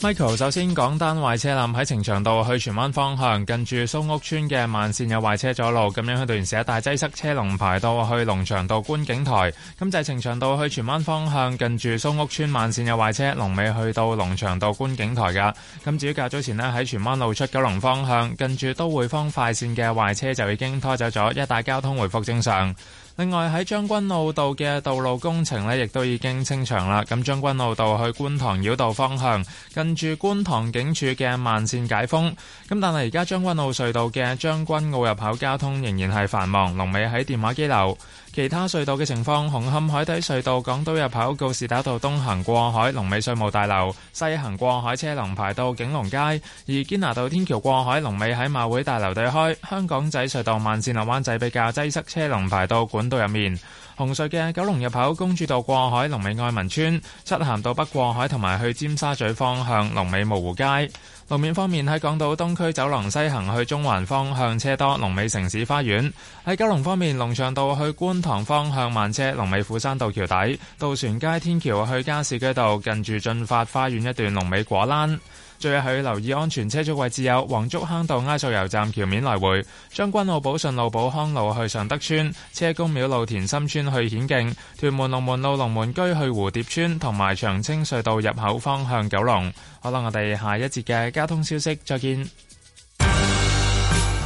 ，Michael 首先講單壞車冧喺呈祥道去荃灣方向，近住蘇屋村嘅慢線有壞車阻路，咁樣喺屯門一帶擠塞車龍，車龍排到去龍翔道觀景台。咁就係呈祥道去荃灣方向，近住蘇屋村慢線有壞車，龍尾去到龍翔道觀景台噶。咁至於較早前咧喺荃灣路出九龍方向，近住都會坊快線嘅壞車就已經拖走咗，一帶交通回復正常。另外，喺將軍澳道嘅道路工程呢亦都已經清場啦。咁將軍澳道去觀塘繞道方向，近住觀塘警署嘅慢線解封。咁但係而家將軍澳隧道嘅將軍澳入口交通仍然係繁忙。龍尾喺電話機樓。其他隧道嘅情況，紅磡海底隧道港島入口告士打道東行過海，龍尾稅務大樓；西行過海車龍排到景隆街。而堅拿道天橋過海龍尾喺馬會大樓對開。香港仔隧道慢線落灣仔比較擠塞，車龍排到管道入面。紅隧嘅九龍入口公主道過海龍尾愛民村，漆咸道北過海同埋去尖沙咀方向龍尾蕪湖街。路面方面喺港島東區走廊西行去中環方向車多，龍尾城市花園；喺九龍方面，龍翔道去觀塘方向慢車，龍尾虎山道橋底；渡船街天橋去加士居道近住駿發花園一段龍尾果欄。最後要留意安全車速位置有黃竹坑道埃索油站橋面來回、將軍澳寶順路寶康路去上德村、車公廟路田心村去顯徑、屯門龍門路龍門居去蝴蝶村，同埋長青隧道入口方向九龍。好啦，我哋下一節嘅交通消息再見。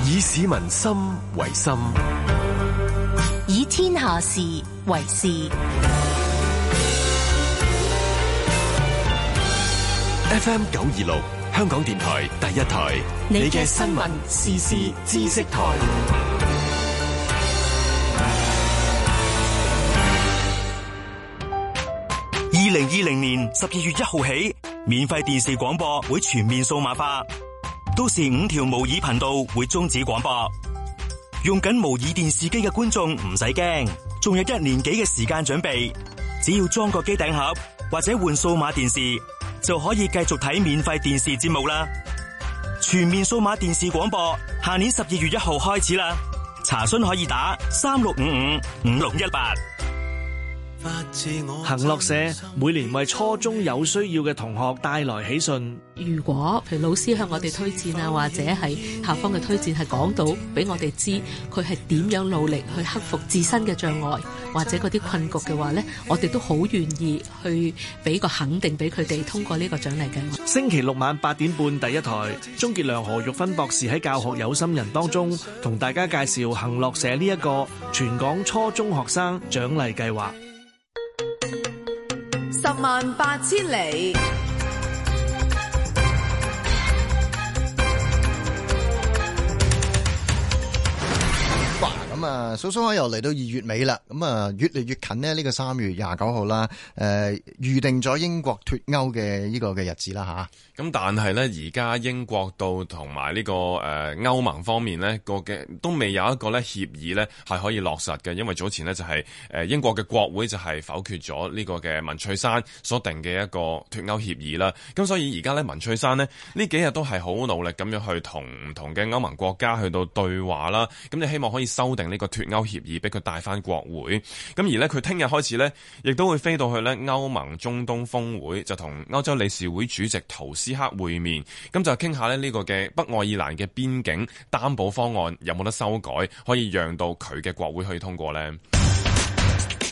以市民心為心，以天下事為事。FM 九二六，香港電台第一台。你嘅新聞、時事、知識台。二零二零年十二月一號起，免費電視廣播會全面數碼化，到時五條模擬頻道會終止廣播。用緊模擬電視機嘅觀眾唔使驚，仲有一年幾嘅時間準備，只要裝個機頂盒或者換數碼電視。就可以繼續睇免費電視節目啦！全面數碼電視廣播，下年十二月一號開始啦，查詢可以打三六五五五六一八。行樂社每年為初中有需要嘅同學帶來喜訊。如果，譬如老師向我哋推薦啊，或者係下方嘅推薦係講到俾我哋知佢係點樣努力去克服自身嘅障礙，或者嗰啲困局嘅話呢，我哋都好願意去俾個肯定俾佢哋通過呢個獎勵計劃。星期六晚八點半，第一台鍾傑良、何玉芬博士喺教學有心人當中同大家介紹行樂社呢一個全港初中學生獎勵計劃。十萬八千里。咁啊，數數吓又嚟到二月尾啦，咁啊越嚟越近呢，呢、這個三月廿九號啦，誒、呃、預定咗英國脫歐嘅呢個嘅日子啦吓。咁、啊、但係呢，而家英國到同埋呢個誒歐、呃、盟方面呢，個嘅都未有一個呢協議呢係可以落實嘅，因為早前呢，就係、是、誒英國嘅國會就係否決咗呢個嘅文翠珊所定嘅一個脫歐協議啦。咁所以而家呢，文翠珊呢，呢幾日都係好努力咁樣去同唔同嘅歐盟國家去到對話啦。咁你希望可以修訂。呢個脫歐協議俾佢帶翻國會，咁而呢，佢聽日開始呢，亦都會飛到去呢歐盟中東峰會，就同歐洲理事會主席陶斯克會面，咁就傾下呢呢個嘅北愛爾蘭嘅邊境擔保方案有冇得修改，可以讓到佢嘅國會去通過呢？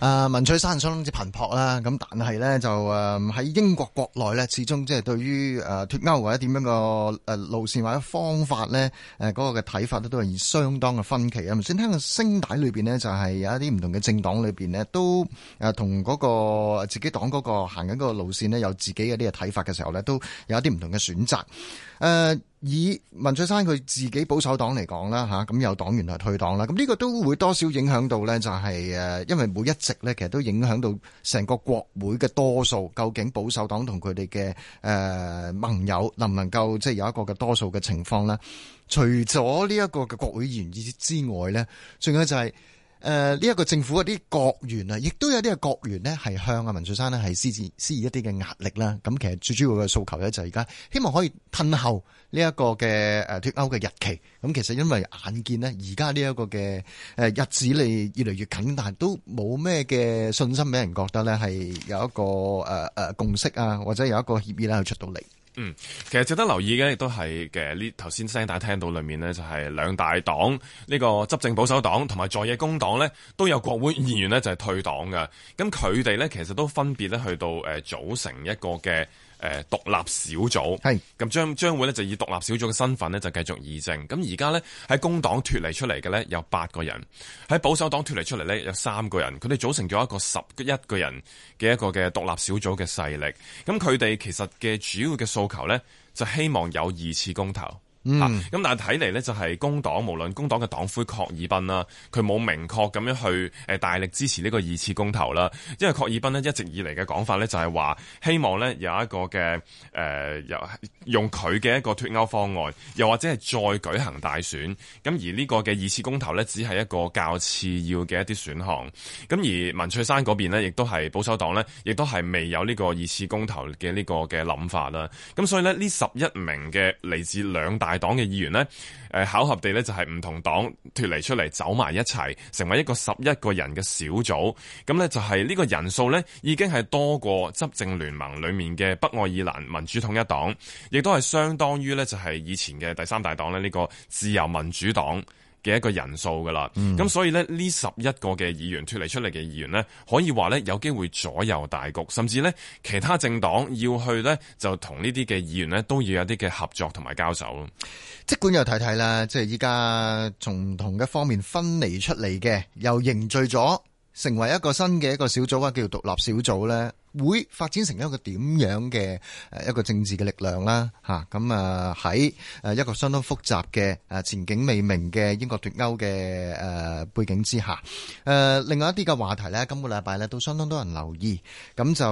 誒、呃，文翠山相當之頻撲啦，咁但係咧就誒喺、呃、英國國內咧，始終即係對於誒脫歐或者點樣個誒路線或者方法咧，誒、呃、嗰、那個嘅睇法咧，都係以相當嘅分歧啊。先聽個聲帶裏邊呢，就係、是、有一啲唔同嘅政黨裏邊呢，都誒同嗰個自己黨嗰個行緊個路線呢，有自己嘅呢個睇法嘅時候咧，都有一啲唔同嘅選擇，誒、呃。以文翠珊佢自己保守黨嚟講啦，吓咁有黨員係退黨啦，咁、這、呢個都會多少影響到咧，就係、是、誒，因為每一席咧，其實都影響到成個國會嘅多數，究竟保守黨同佢哋嘅誒盟友能唔能夠即係有一個嘅多數嘅情況咧？除咗呢一個嘅國會議員之之外咧，仲有就係、是。誒，呢一、呃，這個政府嗰啲國員啊，亦都有啲嘅國員咧，係向阿文翠珊咧，係施施以一啲嘅壓力啦。咁其實最主要嘅訴求咧，就而、是、家希望可以褪後呢一個嘅誒脫歐嘅日期。咁其實因為眼見呢，而家呢一個嘅誒日子嚟越嚟越近，但都冇咩嘅信心俾人覺得咧，係有一個誒誒、呃、共識啊，或者有一個協議咧、啊、出到嚟。嗯，其實值得留意嘅亦都係嘅呢頭先聲大家聽到裏面呢，就係、是、兩大黨呢、呢個執政保守黨同埋在野工黨呢，都有國會議員呢，就係、是、退黨嘅，咁佢哋呢，其實都分別咧去到誒、呃、組成一個嘅。誒、呃、獨立小組，係咁是將將會呢就以獨立小組嘅身份呢就繼續議政。咁而家呢喺工黨脱離出嚟嘅呢有八個人，喺保守黨脱離出嚟呢有三個人，佢哋組成咗一個十一個人嘅一個嘅獨立小組嘅勢力。咁佢哋其實嘅主要嘅訴求呢，就希望有二次公投。嗯，咁但係睇嚟呢，就係工黨無論工黨嘅黨魁郝爾賓啦，佢冇明確咁樣去誒大力支持呢個二次公投啦，因為郝爾賓呢，一直以嚟嘅講法呢，就係話希望呢有一個嘅誒又用佢嘅一個脱歐方案，又或者係再舉行大選，咁而呢個嘅二次公投呢，只係一個較次要嘅一啲選項，咁而文翠珊嗰邊呢亦都係保守黨呢，亦都係未有呢個二次公投嘅呢個嘅諗法啦，咁所以呢，呢十一名嘅嚟自兩大大黨嘅議員呢，誒、呃、巧合地呢，就係唔同黨脫離出嚟走埋一齊，成為一個十一個人嘅小組。咁呢，就係呢個人數呢，已經係多過執政聯盟裏面嘅北愛爾蘭民主統一黨，亦都係相當於呢，就係以前嘅第三大黨呢，呢、呢個自由民主黨。嘅一個人數噶啦，咁、嗯、所以呢，呢十一個嘅議員脫離出嚟嘅議員呢，可以話呢，有機會左右大局，甚至呢，其他政黨要去呢，就同呢啲嘅議員呢，都要有啲嘅合作同埋交手。即管又睇睇啦，即係依家從同一方面分離出嚟嘅，又凝聚咗，成為一個新嘅一個小組啊，叫做獨立小組呢，會發展成一個點樣嘅，誒一個政治嘅力量啦，吓，咁啊，喺，誒一個相當複雜嘅，誒前景未明嘅英國脫歐嘅，誒背景之下，誒另外一啲嘅話題咧，今個禮拜咧，都相當多人留意。咁就，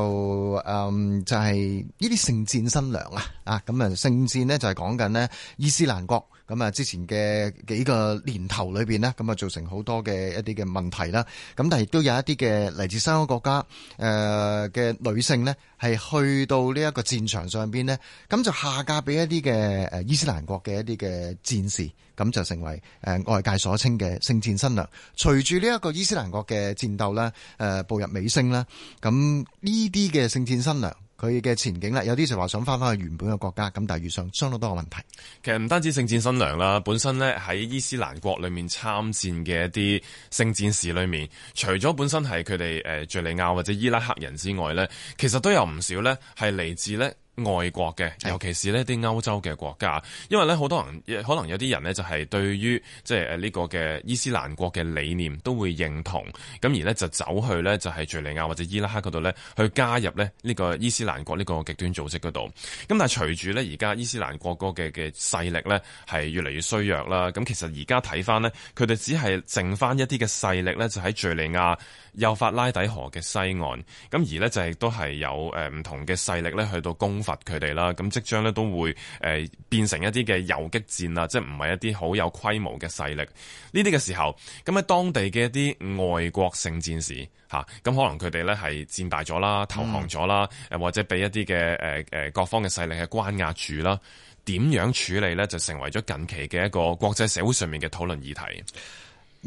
誒就係呢啲聖戰新娘啊，啊，咁啊，聖戰呢就係講緊呢伊斯蘭國。咁啊，之前嘅幾個年頭裏邊呢咁啊造成好多嘅一啲嘅問題啦。咁但亦都有一啲嘅嚟自西方國家誒嘅女性呢係去到呢一個戰場上邊呢咁就下嫁俾一啲嘅誒伊斯蘭國嘅一啲嘅戰士，咁就成為誒外界所稱嘅聖戰新娘。隨住呢一個伊斯蘭國嘅戰鬥咧，誒步入尾聲啦。咁呢啲嘅聖戰新娘，佢嘅前景啦，有啲就話想翻返去原本嘅國家，咁但係遇上相當多嘅問題。其實唔單止聖戰新娘啦，本身咧喺伊斯蘭國裏面參戰嘅一啲聖戰士裏面，除咗本身係佢哋誒敍利亞或者伊拉克人之外咧，其實都有唔少咧係嚟自咧。外國嘅，尤其是呢啲歐洲嘅國家，因為咧好多人，可能有啲人咧就係對於即係誒呢個嘅伊斯蘭國嘅理念都會認同，咁而咧就走去咧就係敘利亞或者伊拉克嗰度咧去加入咧呢個伊斯蘭國呢個極端組織嗰度。咁但係隨住咧而家伊斯蘭國個嘅嘅勢力咧係越嚟越衰弱啦。咁其實而家睇翻咧，佢哋只係剩翻一啲嘅勢力咧，就喺敘利亞幼發拉底河嘅西岸。咁而咧就係都係有誒唔同嘅勢力咧去到攻。罰佢哋啦，咁即將咧都會誒變成一啲嘅游擊戰啦，即係唔係一啲好有規模嘅勢力。呢啲嘅時候，咁喺當地嘅一啲外國聖戰士吓，咁可能佢哋咧係戰敗咗啦，投降咗啦，誒或者俾一啲嘅誒誒各方嘅勢力係關押住啦，點樣處理咧就成爲咗近期嘅一個國際社會上面嘅討論議題。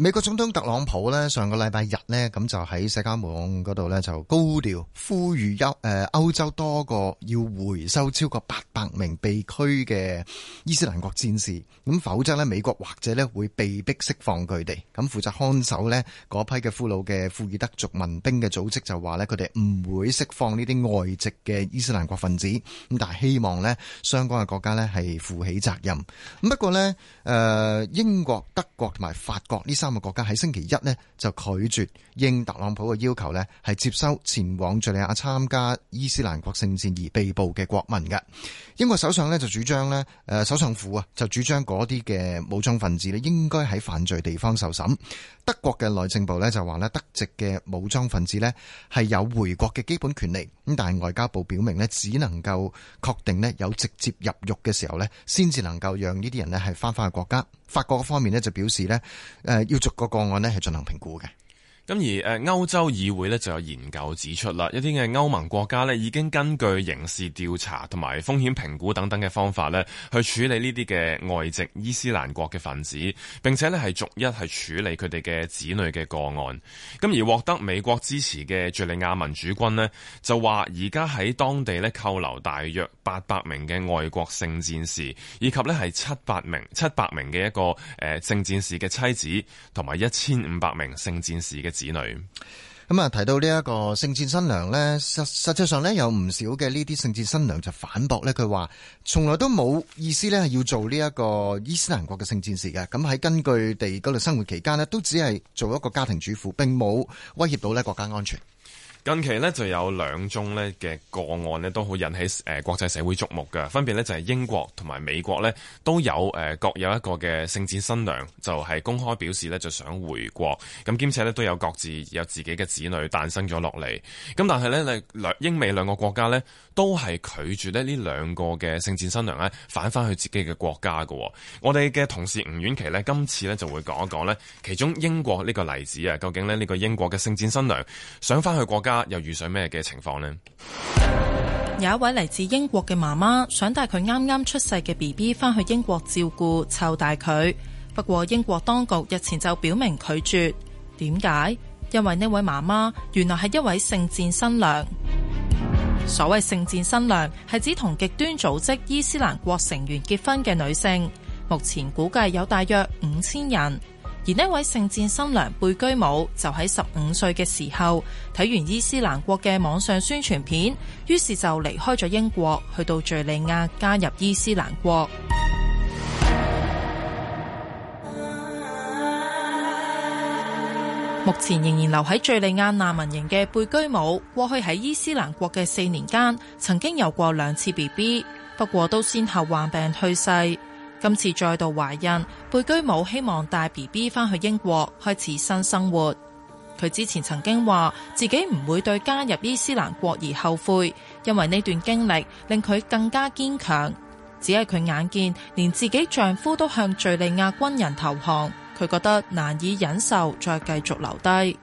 美國總統特朗普呢，上個禮拜日呢，咁就喺社交網嗰度呢，就高調呼籲一誒歐洲多個要回收超過八百名被拘嘅伊斯蘭國戰士，咁否則呢，美國或者呢會被逼釋放佢哋。咁負責看守呢批嘅俘虜嘅庫爾德族民兵嘅組織就話呢，佢哋唔會釋放呢啲外籍嘅伊斯蘭國分子，咁但係希望呢相關嘅國家呢，係負起責任。咁不過呢，誒英國德國同埋法國呢三。咁啊，國家喺星期一呢就拒絕應特朗普嘅要求呢，係接收前往敘利亞參加伊斯蘭國聖戰而被捕嘅國民嘅。英國首相呢就主張呢，誒、呃、首相府啊，就主張嗰啲嘅武裝分子呢應該喺犯罪地方受審。德國嘅內政部呢就話呢，德籍嘅武裝分子呢，係有回國嘅基本權利。咁但係外交部表明呢，只能夠確定呢有直接入獄嘅時候呢，先至能夠讓呢啲人呢，係翻返去國家。法國方面呢，就表示呢。誒、呃。要逐個個案咧，係進行評估嘅。咁而誒歐洲議會咧就有研究指出啦，一啲嘅歐盟國家咧已經根據刑事調查同埋風險評估等等嘅方法咧，去處理呢啲嘅外籍伊斯蘭國嘅分子，並且咧係逐一係處理佢哋嘅子女嘅個案。咁而獲得美國支持嘅敘利亞民主軍咧，就話而家喺當地咧扣留大約八百名嘅外國聖戰士，以及咧係七百名七百名嘅一個誒聖戰士嘅妻子，同埋一千五百名聖戰士嘅。子女咁啊，提到呢一個聖戰新娘呢，實實際上呢，有唔少嘅呢啲聖戰新娘就反駁呢。佢話從來都冇意思呢，要做呢一個伊斯蘭國嘅聖戰士嘅。咁喺根據地嗰度生活期間呢，都只係做一個家庭主婦，並冇威脅到呢國家安全。近期呢就有兩宗呢嘅個案呢都好引起誒、呃、國際社會矚目嘅，分別呢就係、是、英國同埋美國呢都有誒、呃、各有一個嘅聖戰新娘，就係、是、公開表示呢就想回國，咁兼且呢都有各自有自己嘅子女誕生咗落嚟，咁但係呢兩英美兩個國家呢。都係拒絕咧呢兩個嘅聖戰新娘咧返翻去自己嘅國家嘅、哦。我哋嘅同事吳婉琪呢，今次呢就會講一講呢其中英國呢個例子啊，究竟咧呢、呢個英國嘅聖戰新娘想翻去國家又遇上咩嘅情況呢？有一位嚟自英國嘅媽媽想帶佢啱啱出世嘅 B B 翻去英國照顧湊大佢，不過英國當局日前就表明拒絕，點解？因為呢位媽媽原來係一位聖戰新娘。所謂聖戰新娘，係指同極端組織伊斯蘭國成員結婚嘅女性。目前估計有大約五千人。而呢位聖戰新娘貝居姆，就喺十五歲嘅時候睇完伊斯蘭國嘅網上宣傳片，於是就離開咗英國，去到敘利亞加入伊斯蘭國。目前仍然留喺敘利亞難民營嘅貝居姆，過去喺伊斯蘭國嘅四年間，曾經有過兩次 B B，不過都先後患病去世。今次再度懷孕，貝居姆希望帶 B B 返去英國開始新生活。佢之前曾經話自己唔會對加入伊斯蘭國而後悔，因為呢段經歷令佢更加堅強。只係佢眼見連自己丈夫都向敘利亞軍人投降。佢覺得難以忍受，再繼續留低。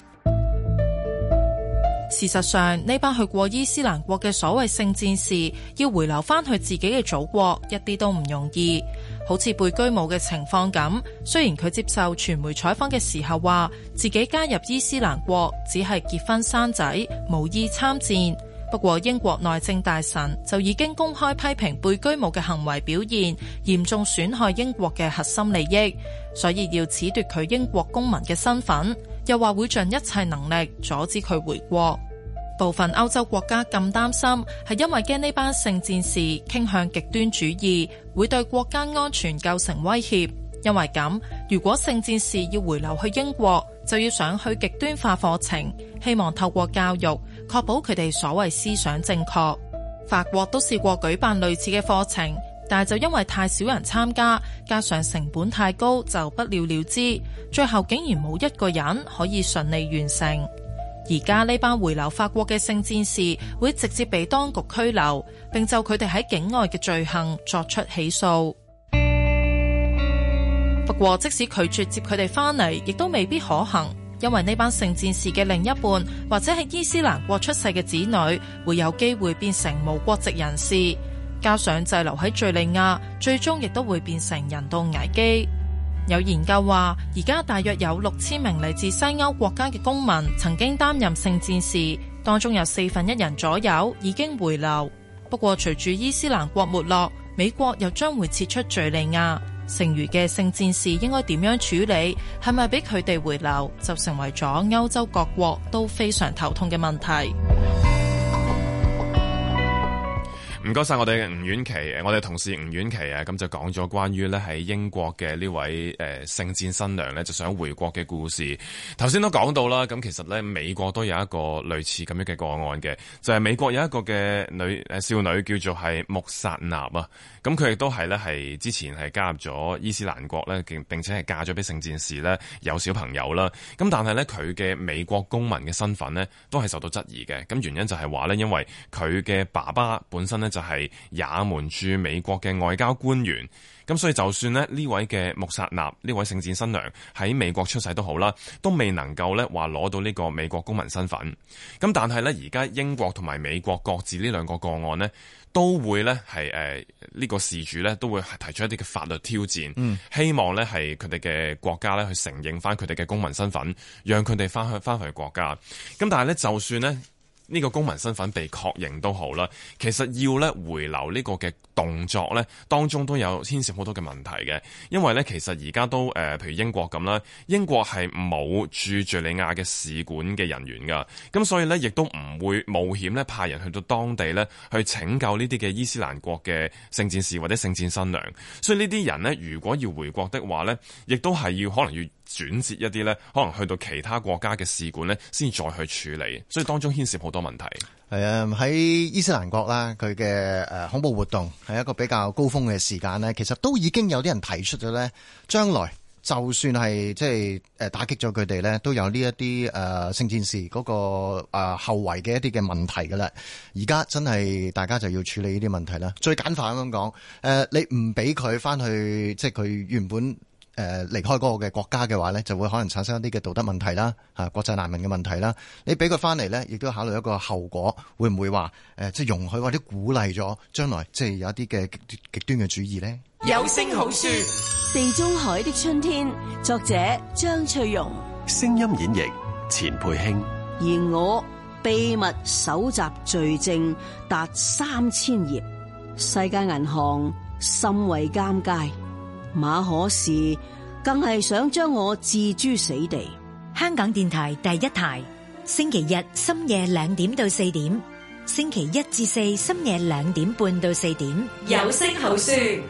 (music) 事實上，呢班去過伊斯蘭國嘅所謂聖戰士，要回流翻去自己嘅祖國，一啲都唔容易，好似貝居姆嘅情況咁。雖然佢接受傳媒採訪嘅時候話，自己加入伊斯蘭國只係結婚生仔，無意參戰。不過英國內政大臣就已經公開批評貝居姆嘅行為表現嚴重損害英國嘅核心利益，所以要褫奪佢英國公民嘅身份，又話會盡一切能力阻止佢回國。部分歐洲國家咁擔心，係因為驚呢班聖戰士傾向極端主義會對國家安全構成威脅。因為咁，如果聖戰士要回流去英國，就要上去極端化課程，希望透過教育。確保佢哋所謂思想正確，法國都試過舉辦類似嘅課程，但係就因為太少人參加，加上成本太高，就不了了之。最後竟然冇一個人可以順利完成。而家呢班回流法國嘅聖戰士會直接被當局拘留，並就佢哋喺境外嘅罪行作出起訴。不過，即使拒絕接佢哋返嚟，亦都未必可行。因為呢班聖戰士嘅另一半或者係伊斯蘭國出世嘅子女，會有機會變成無國籍人士，加上滯留喺敘利亞，最終亦都會變成人道危機。有研究話，而家大約有六千名嚟自西歐國家嘅公民曾經擔任聖戰士，當中有四分一人左右已經回流。不過，隨住伊斯蘭國沒落，美國又將會撤出敘利亞。剩餘嘅聖戰士應該點樣處理？係咪俾佢哋回流，就成為咗歐洲各國都非常頭痛嘅問題。唔該晒，我哋嘅吳婉琪，我哋同事吳婉琪啊，咁就講咗關於咧喺英國嘅呢位誒、呃、聖戰新娘咧，就想回國嘅故事。頭先都講到啦，咁其實呢，美國都有一個類似咁樣嘅個案嘅，就係、是、美國有一個嘅女誒少女叫做係穆薩納啊。咁佢亦都係咧，係之前係加入咗伊斯蘭國咧，並且係嫁咗俾聖戰士咧，有小朋友啦。咁但係咧，佢嘅美國公民嘅身份咧，都係受到質疑嘅。咁原因就係話咧，因為佢嘅爸爸本身咧就係也門駐美國嘅外交官員。咁所以就算咧，呢位嘅穆薩納呢位聖戰新娘喺美國出世都好啦，都未能夠咧話攞到呢個美國公民身份。咁但係呢，而家英國同埋美國各自呢兩個個案呢，都會呢係誒呢個事主呢都會提出一啲嘅法律挑戰，嗯、希望呢係佢哋嘅國家呢去承認翻佢哋嘅公民身份，讓佢哋翻去翻返去國家。咁但係呢，就算呢。呢個公民身份被確認都好啦，其實要呢回流呢個嘅動作呢，當中都有牽涉好多嘅問題嘅，因為呢其實而家都誒、呃，譬如英國咁啦，英國係冇駐敍利亞嘅使館嘅人員㗎，咁所以呢，亦都唔會冒險呢派人去到當地呢去拯救呢啲嘅伊斯蘭國嘅聖戰士或者聖戰新娘，所以呢啲人呢，如果要回國的話呢，亦都係要可能要。轉折一啲咧，可能去到其他國家嘅使館咧，先再去處理，所以當中牽涉好多問題。係啊，喺伊斯蘭國啦，佢嘅誒恐怖活動係一個比較高峰嘅時間咧，其實都已經有啲人提出咗咧，將來就算係即係誒打擊咗佢哋咧，都有呢一啲誒聖戰士嗰、那個誒、呃、後遺嘅一啲嘅問題㗎啦。而家真係大家就要處理呢啲問題啦。最簡化咁講，誒、呃、你唔俾佢翻去，即係佢原本。誒離開嗰個嘅國家嘅話咧，就會可能產生一啲嘅道德問題啦，嚇國際難民嘅問題啦。你俾佢翻嚟咧，亦都考慮一個後果，會唔會話誒即係容許或者鼓勵咗將來即係有一啲嘅極極端嘅主義咧？有聲好書《地中海的春天》，作者張翠容，聲音演繹錢培興。而我秘密搜集罪證達三千頁，世界銀行甚為尷尬。馬可仕更係想將我置諸死地。香港電台第一台，星期日深夜兩點到四點，星期一至四深夜兩點半到四點，有聲好書。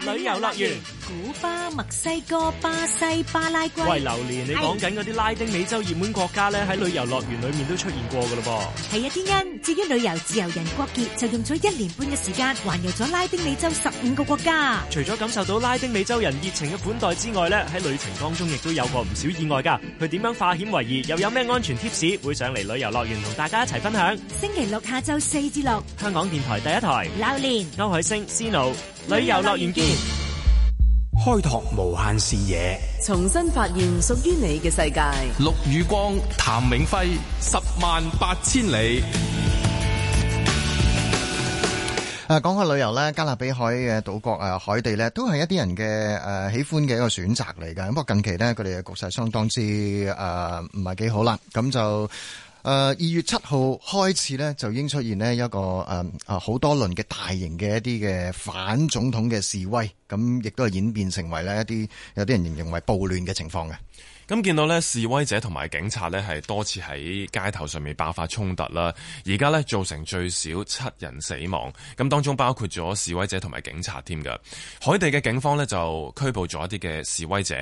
旅遊樂園，古巴、墨西哥、巴西、巴拉圭。喂，榴槤，你講緊嗰啲拉丁美洲熱門國家咧，喺旅遊樂園裏面都出現過噶啦噃。係啊，天恩。至於旅遊自由人郭杰，就用咗一年半嘅時間，環遊咗拉丁美洲十五個國家。除咗感受到拉丁美洲人熱情嘅款待之外咧，喺旅程當中亦都有過唔少意外噶。佢點樣化險為夷，又有咩安全貼士，會上嚟旅遊樂園同大家一齊分享。星期六下晝四至六，香港電台第一台榴槤、歐海星、思奴。旅遊樂無限，開拓無限視野，重新發現屬於你嘅世界。陸宇光、譚永輝，十萬八千里。誒、啊，講開旅遊咧，加勒比海嘅島國誒、啊，海地咧，都係一啲人嘅誒、啊、喜歡嘅一個選擇嚟㗎。咁不過近期咧，佢哋嘅局勢相當之誒唔係幾好啦。咁就。誒，二月七號開始咧，就已經出現呢一個誒誒好多輪嘅大型嘅一啲嘅反總統嘅示威，咁亦都係演變成為咧一啲有啲人形容為暴亂嘅情況嘅。咁見到呢示威者同埋警察呢，係多次喺街頭上面爆發衝突啦，而家呢，造成最少七人死亡，咁當中包括咗示威者同埋警察添㗎。海地嘅警方呢，就拘捕咗一啲嘅示威者，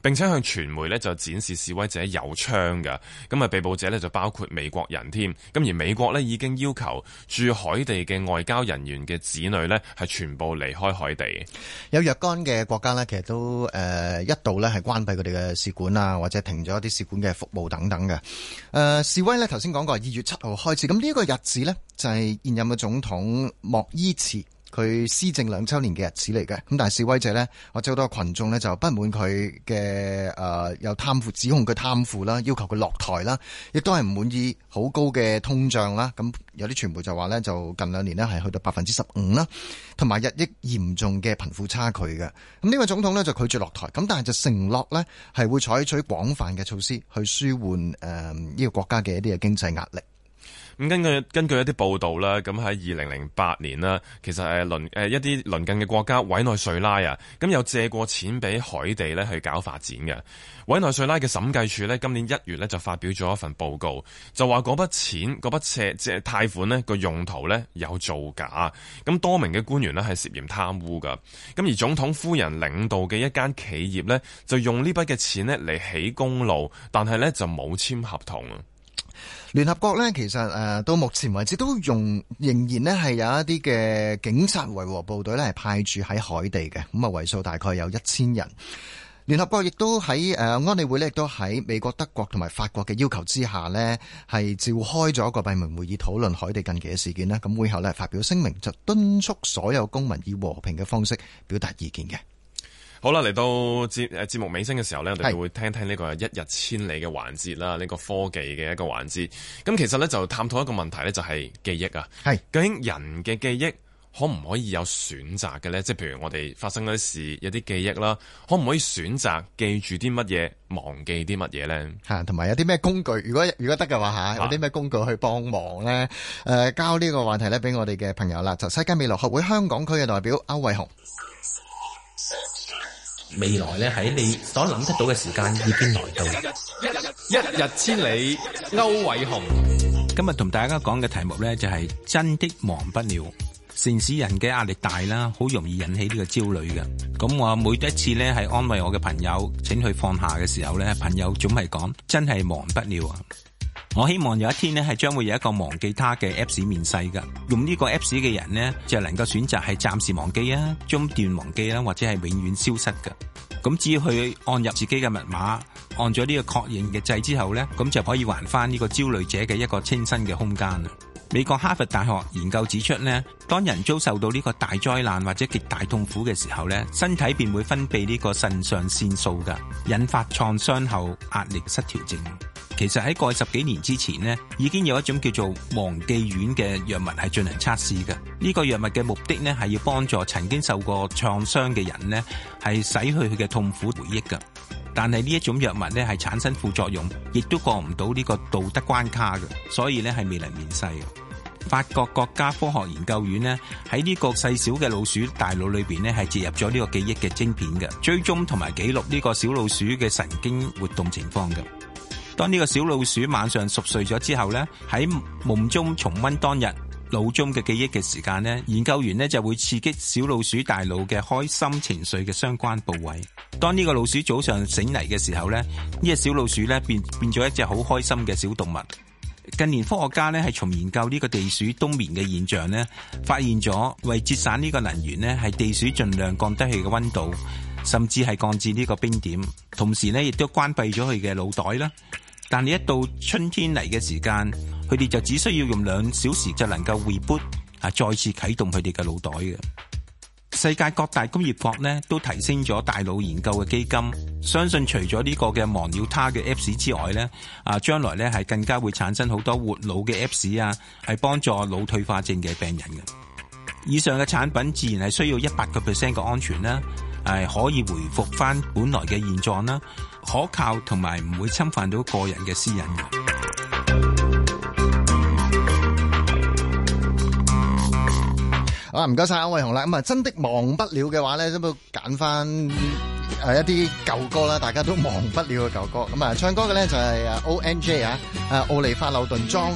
並且向傳媒呢就展示示威者有槍㗎。咁啊被捕者呢，就包括美國人添，咁而美國呢，已經要求駐海地嘅外交人員嘅子女呢，係全部離開海地。有若干嘅國家呢，其實都誒、呃、一度呢，係關閉佢哋嘅使館啦。或者停咗一啲使館嘅服務等等嘅，誒、呃，示威咧頭先講過，二月七號開始，咁呢個日子咧就係、是、現任嘅總統莫伊茨。佢施政兩週年嘅日子嚟嘅，咁但係示威者呢，或者好多羣眾呢就不滿佢嘅誒，有貪腐指控佢貪腐啦，要求佢落台啦，亦都係唔滿意好高嘅通脹啦。咁有啲傳媒就話呢，就近兩年呢，係去到百分之十五啦，同埋日益嚴重嘅貧富差距嘅。咁呢位總統呢，就拒絕落台，咁但係就承諾呢，係會採取廣泛嘅措施去舒緩誒呢、呃這個國家嘅一啲嘅經濟壓力。咁根據根據一啲報道啦，咁喺二零零八年啦，其實誒鄰誒一啲鄰近嘅國家委內瑞拉啊，咁有借過錢俾海地咧去搞發展嘅。委內瑞拉嘅審計處呢，今年一月咧就發表咗一份報告，就話嗰筆錢、嗰筆借借貸款呢個用途呢有造假，咁多名嘅官員呢係涉嫌貪污噶。咁而總統夫人領導嘅一間企業呢，就用呢筆嘅錢咧嚟起公路，但係呢就冇簽合同。聯合國呢，其實誒、呃，到目前為止都用仍然咧係有一啲嘅警察維和部隊咧係派駐喺海地嘅，咁啊，為數大概有一千人。聯合國亦都喺誒、呃、安理會咧，亦都喺美國、德國同埋法國嘅要求之下呢係召開咗一個閉門會議，討論海地近期嘅事件啦。咁會後呢，發表聲明，就敦促所有公民以和平嘅方式表達意見嘅。好啦，嚟到節誒節目尾聲嘅時候咧，我哋會聽聽呢個一日千里嘅環節啦，呢、這個科技嘅一個環節。咁其實咧就探討一個問題咧，就係記憶啊。係是究竟人嘅記憶可唔可以有選擇嘅咧？即係譬如我哋發生嗰啲事，有啲記憶啦，可唔可以選擇記住啲乜嘢，忘記啲乜嘢咧？嚇，同埋有啲咩工具？如果如果得嘅話嚇，啊、有啲咩工具去幫忙咧？誒、呃，交呢個話題咧俾我哋嘅朋友啦，就世界未來學會香港區嘅代表歐偉雄。未來咧喺你所諗得到嘅時間已經來到一一一，一日千里。歐偉雄，今日同大家講嘅題目咧就係、是、真的忘不了。城市人嘅壓力大啦，好容易引起呢個焦慮嘅。咁、嗯、我每一次咧係安慰我嘅朋友，請佢放下嘅時候咧，朋友總係講真係忘不了啊。我希望有一天呢，係將會有一個忘記他嘅 apps 面世噶，用呢個 apps 嘅人呢，就能夠選擇係暫時忘記啊，中斷忘記啦，或者係永遠消失噶。咁只要佢按入自己嘅密碼，按咗呢個確認嘅掣之後呢，咁就可以還翻呢個焦慮者嘅一個清新嘅空間。美國哈佛大學研究指出呢，當人遭受到呢個大災難或者極大痛苦嘅時候呢，身體便會分泌呢個腎上腺素噶，引發創傷後壓力失調症。其實喺過去十幾年之前呢已經有一種叫做忘記丸嘅藥物係進行測試嘅。呢個藥物嘅目的呢，係要幫助曾經受過創傷嘅人呢，係洗去佢嘅痛苦回憶噶。但係呢一種藥物呢，係產生副作用，亦都過唔到呢個道德關卡嘅，所以呢，係未能面世。法國國家科學研究院呢，喺呢個細小嘅老鼠大腦裏邊呢，係植入咗呢個記憶嘅晶片嘅，追蹤同埋記錄呢個小老鼠嘅神經活動情況嘅。當呢個小老鼠晚上熟睡咗之後呢，喺夢中重溫當日腦中嘅記憶嘅時間呢，研究員呢就會刺激小老鼠大腦嘅開心情緒嘅相關部位。當呢個老鼠早上醒嚟嘅時候呢，呢隻小老鼠呢變變咗一隻好開心嘅小動物。近年科學家呢係從研究呢個地鼠冬眠嘅現象呢，發現咗為節省呢個能源呢，係地鼠盡量降低佢嘅溫度，甚至係降至呢個冰點，同時呢，亦都關閉咗佢嘅腦袋啦。但你一到春天嚟嘅時間，佢哋就只需要用兩小時就能夠 reboot 啊，再次啟動佢哋嘅腦袋嘅。世界各大工業國咧都提升咗大腦研究嘅基金，相信除咗呢個嘅忘了他嘅 Apps 之外咧，啊將來咧係更加會產生好多活腦嘅 Apps 啊，係幫助腦退化症嘅病人嘅。以上嘅產品自然係需要一百個 percent 嘅安全啦，係可以回復翻本來嘅現狀啦。可靠同埋唔會侵犯到個人嘅私隱。好啦，唔該曬歐偉雄啦。咁啊，真的忘不了嘅話咧，都冇揀翻誒，一啲舊歌啦，大家都忘不了嘅舊歌。咁啊，唱歌嘅咧就係啊 O N J 啊，誒奧利法勞頓莊。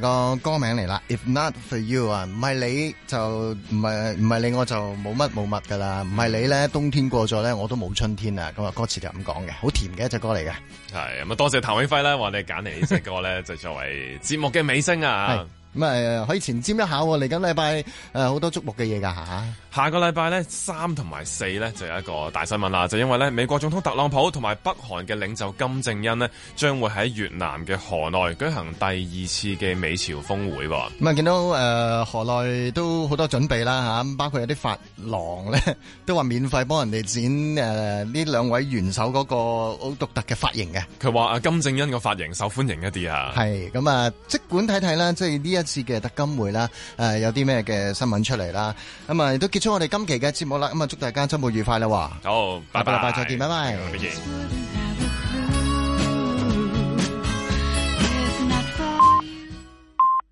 個歌名嚟啦，If Not For You 啊，唔係你就唔係唔係你我就冇乜冇乜噶啦，唔係你咧冬天過咗咧我都冇春天啊。咁啊，歌詞就咁講嘅，好甜嘅一隻歌嚟嘅。係咁啊，多謝譚偉輝咧，話你揀嚟呢隻歌咧， (laughs) 就作為節目嘅尾聲啊。咁誒、嗯，可以前瞻一下嚟緊禮拜誒，好、呃、多矚目嘅嘢噶吓。啊、下個禮拜咧三同埋四咧就有一個大新聞啦，就是、因為咧美國總統特朗普同埋北韓嘅領袖金正恩呢，將會喺越南嘅河內舉行第二次嘅美朝峰會。咁啊、嗯，見到誒、呃、河內都好多準備啦吓、啊，包括有啲髮廊咧、啊、都話免費幫人哋剪誒呢兩位元首嗰個好獨特嘅髮型嘅。佢話阿金正恩個髮型受歡迎一啲、嗯、啊。係咁啊，即管睇睇啦，即係呢一。嘅特金會啦，誒、呃、有啲咩嘅新聞出嚟啦，咁啊，亦都結束我哋今期嘅節目啦，咁啊祝大家周末愉快啦，好，拜拜，拜拜，再見，拜拜。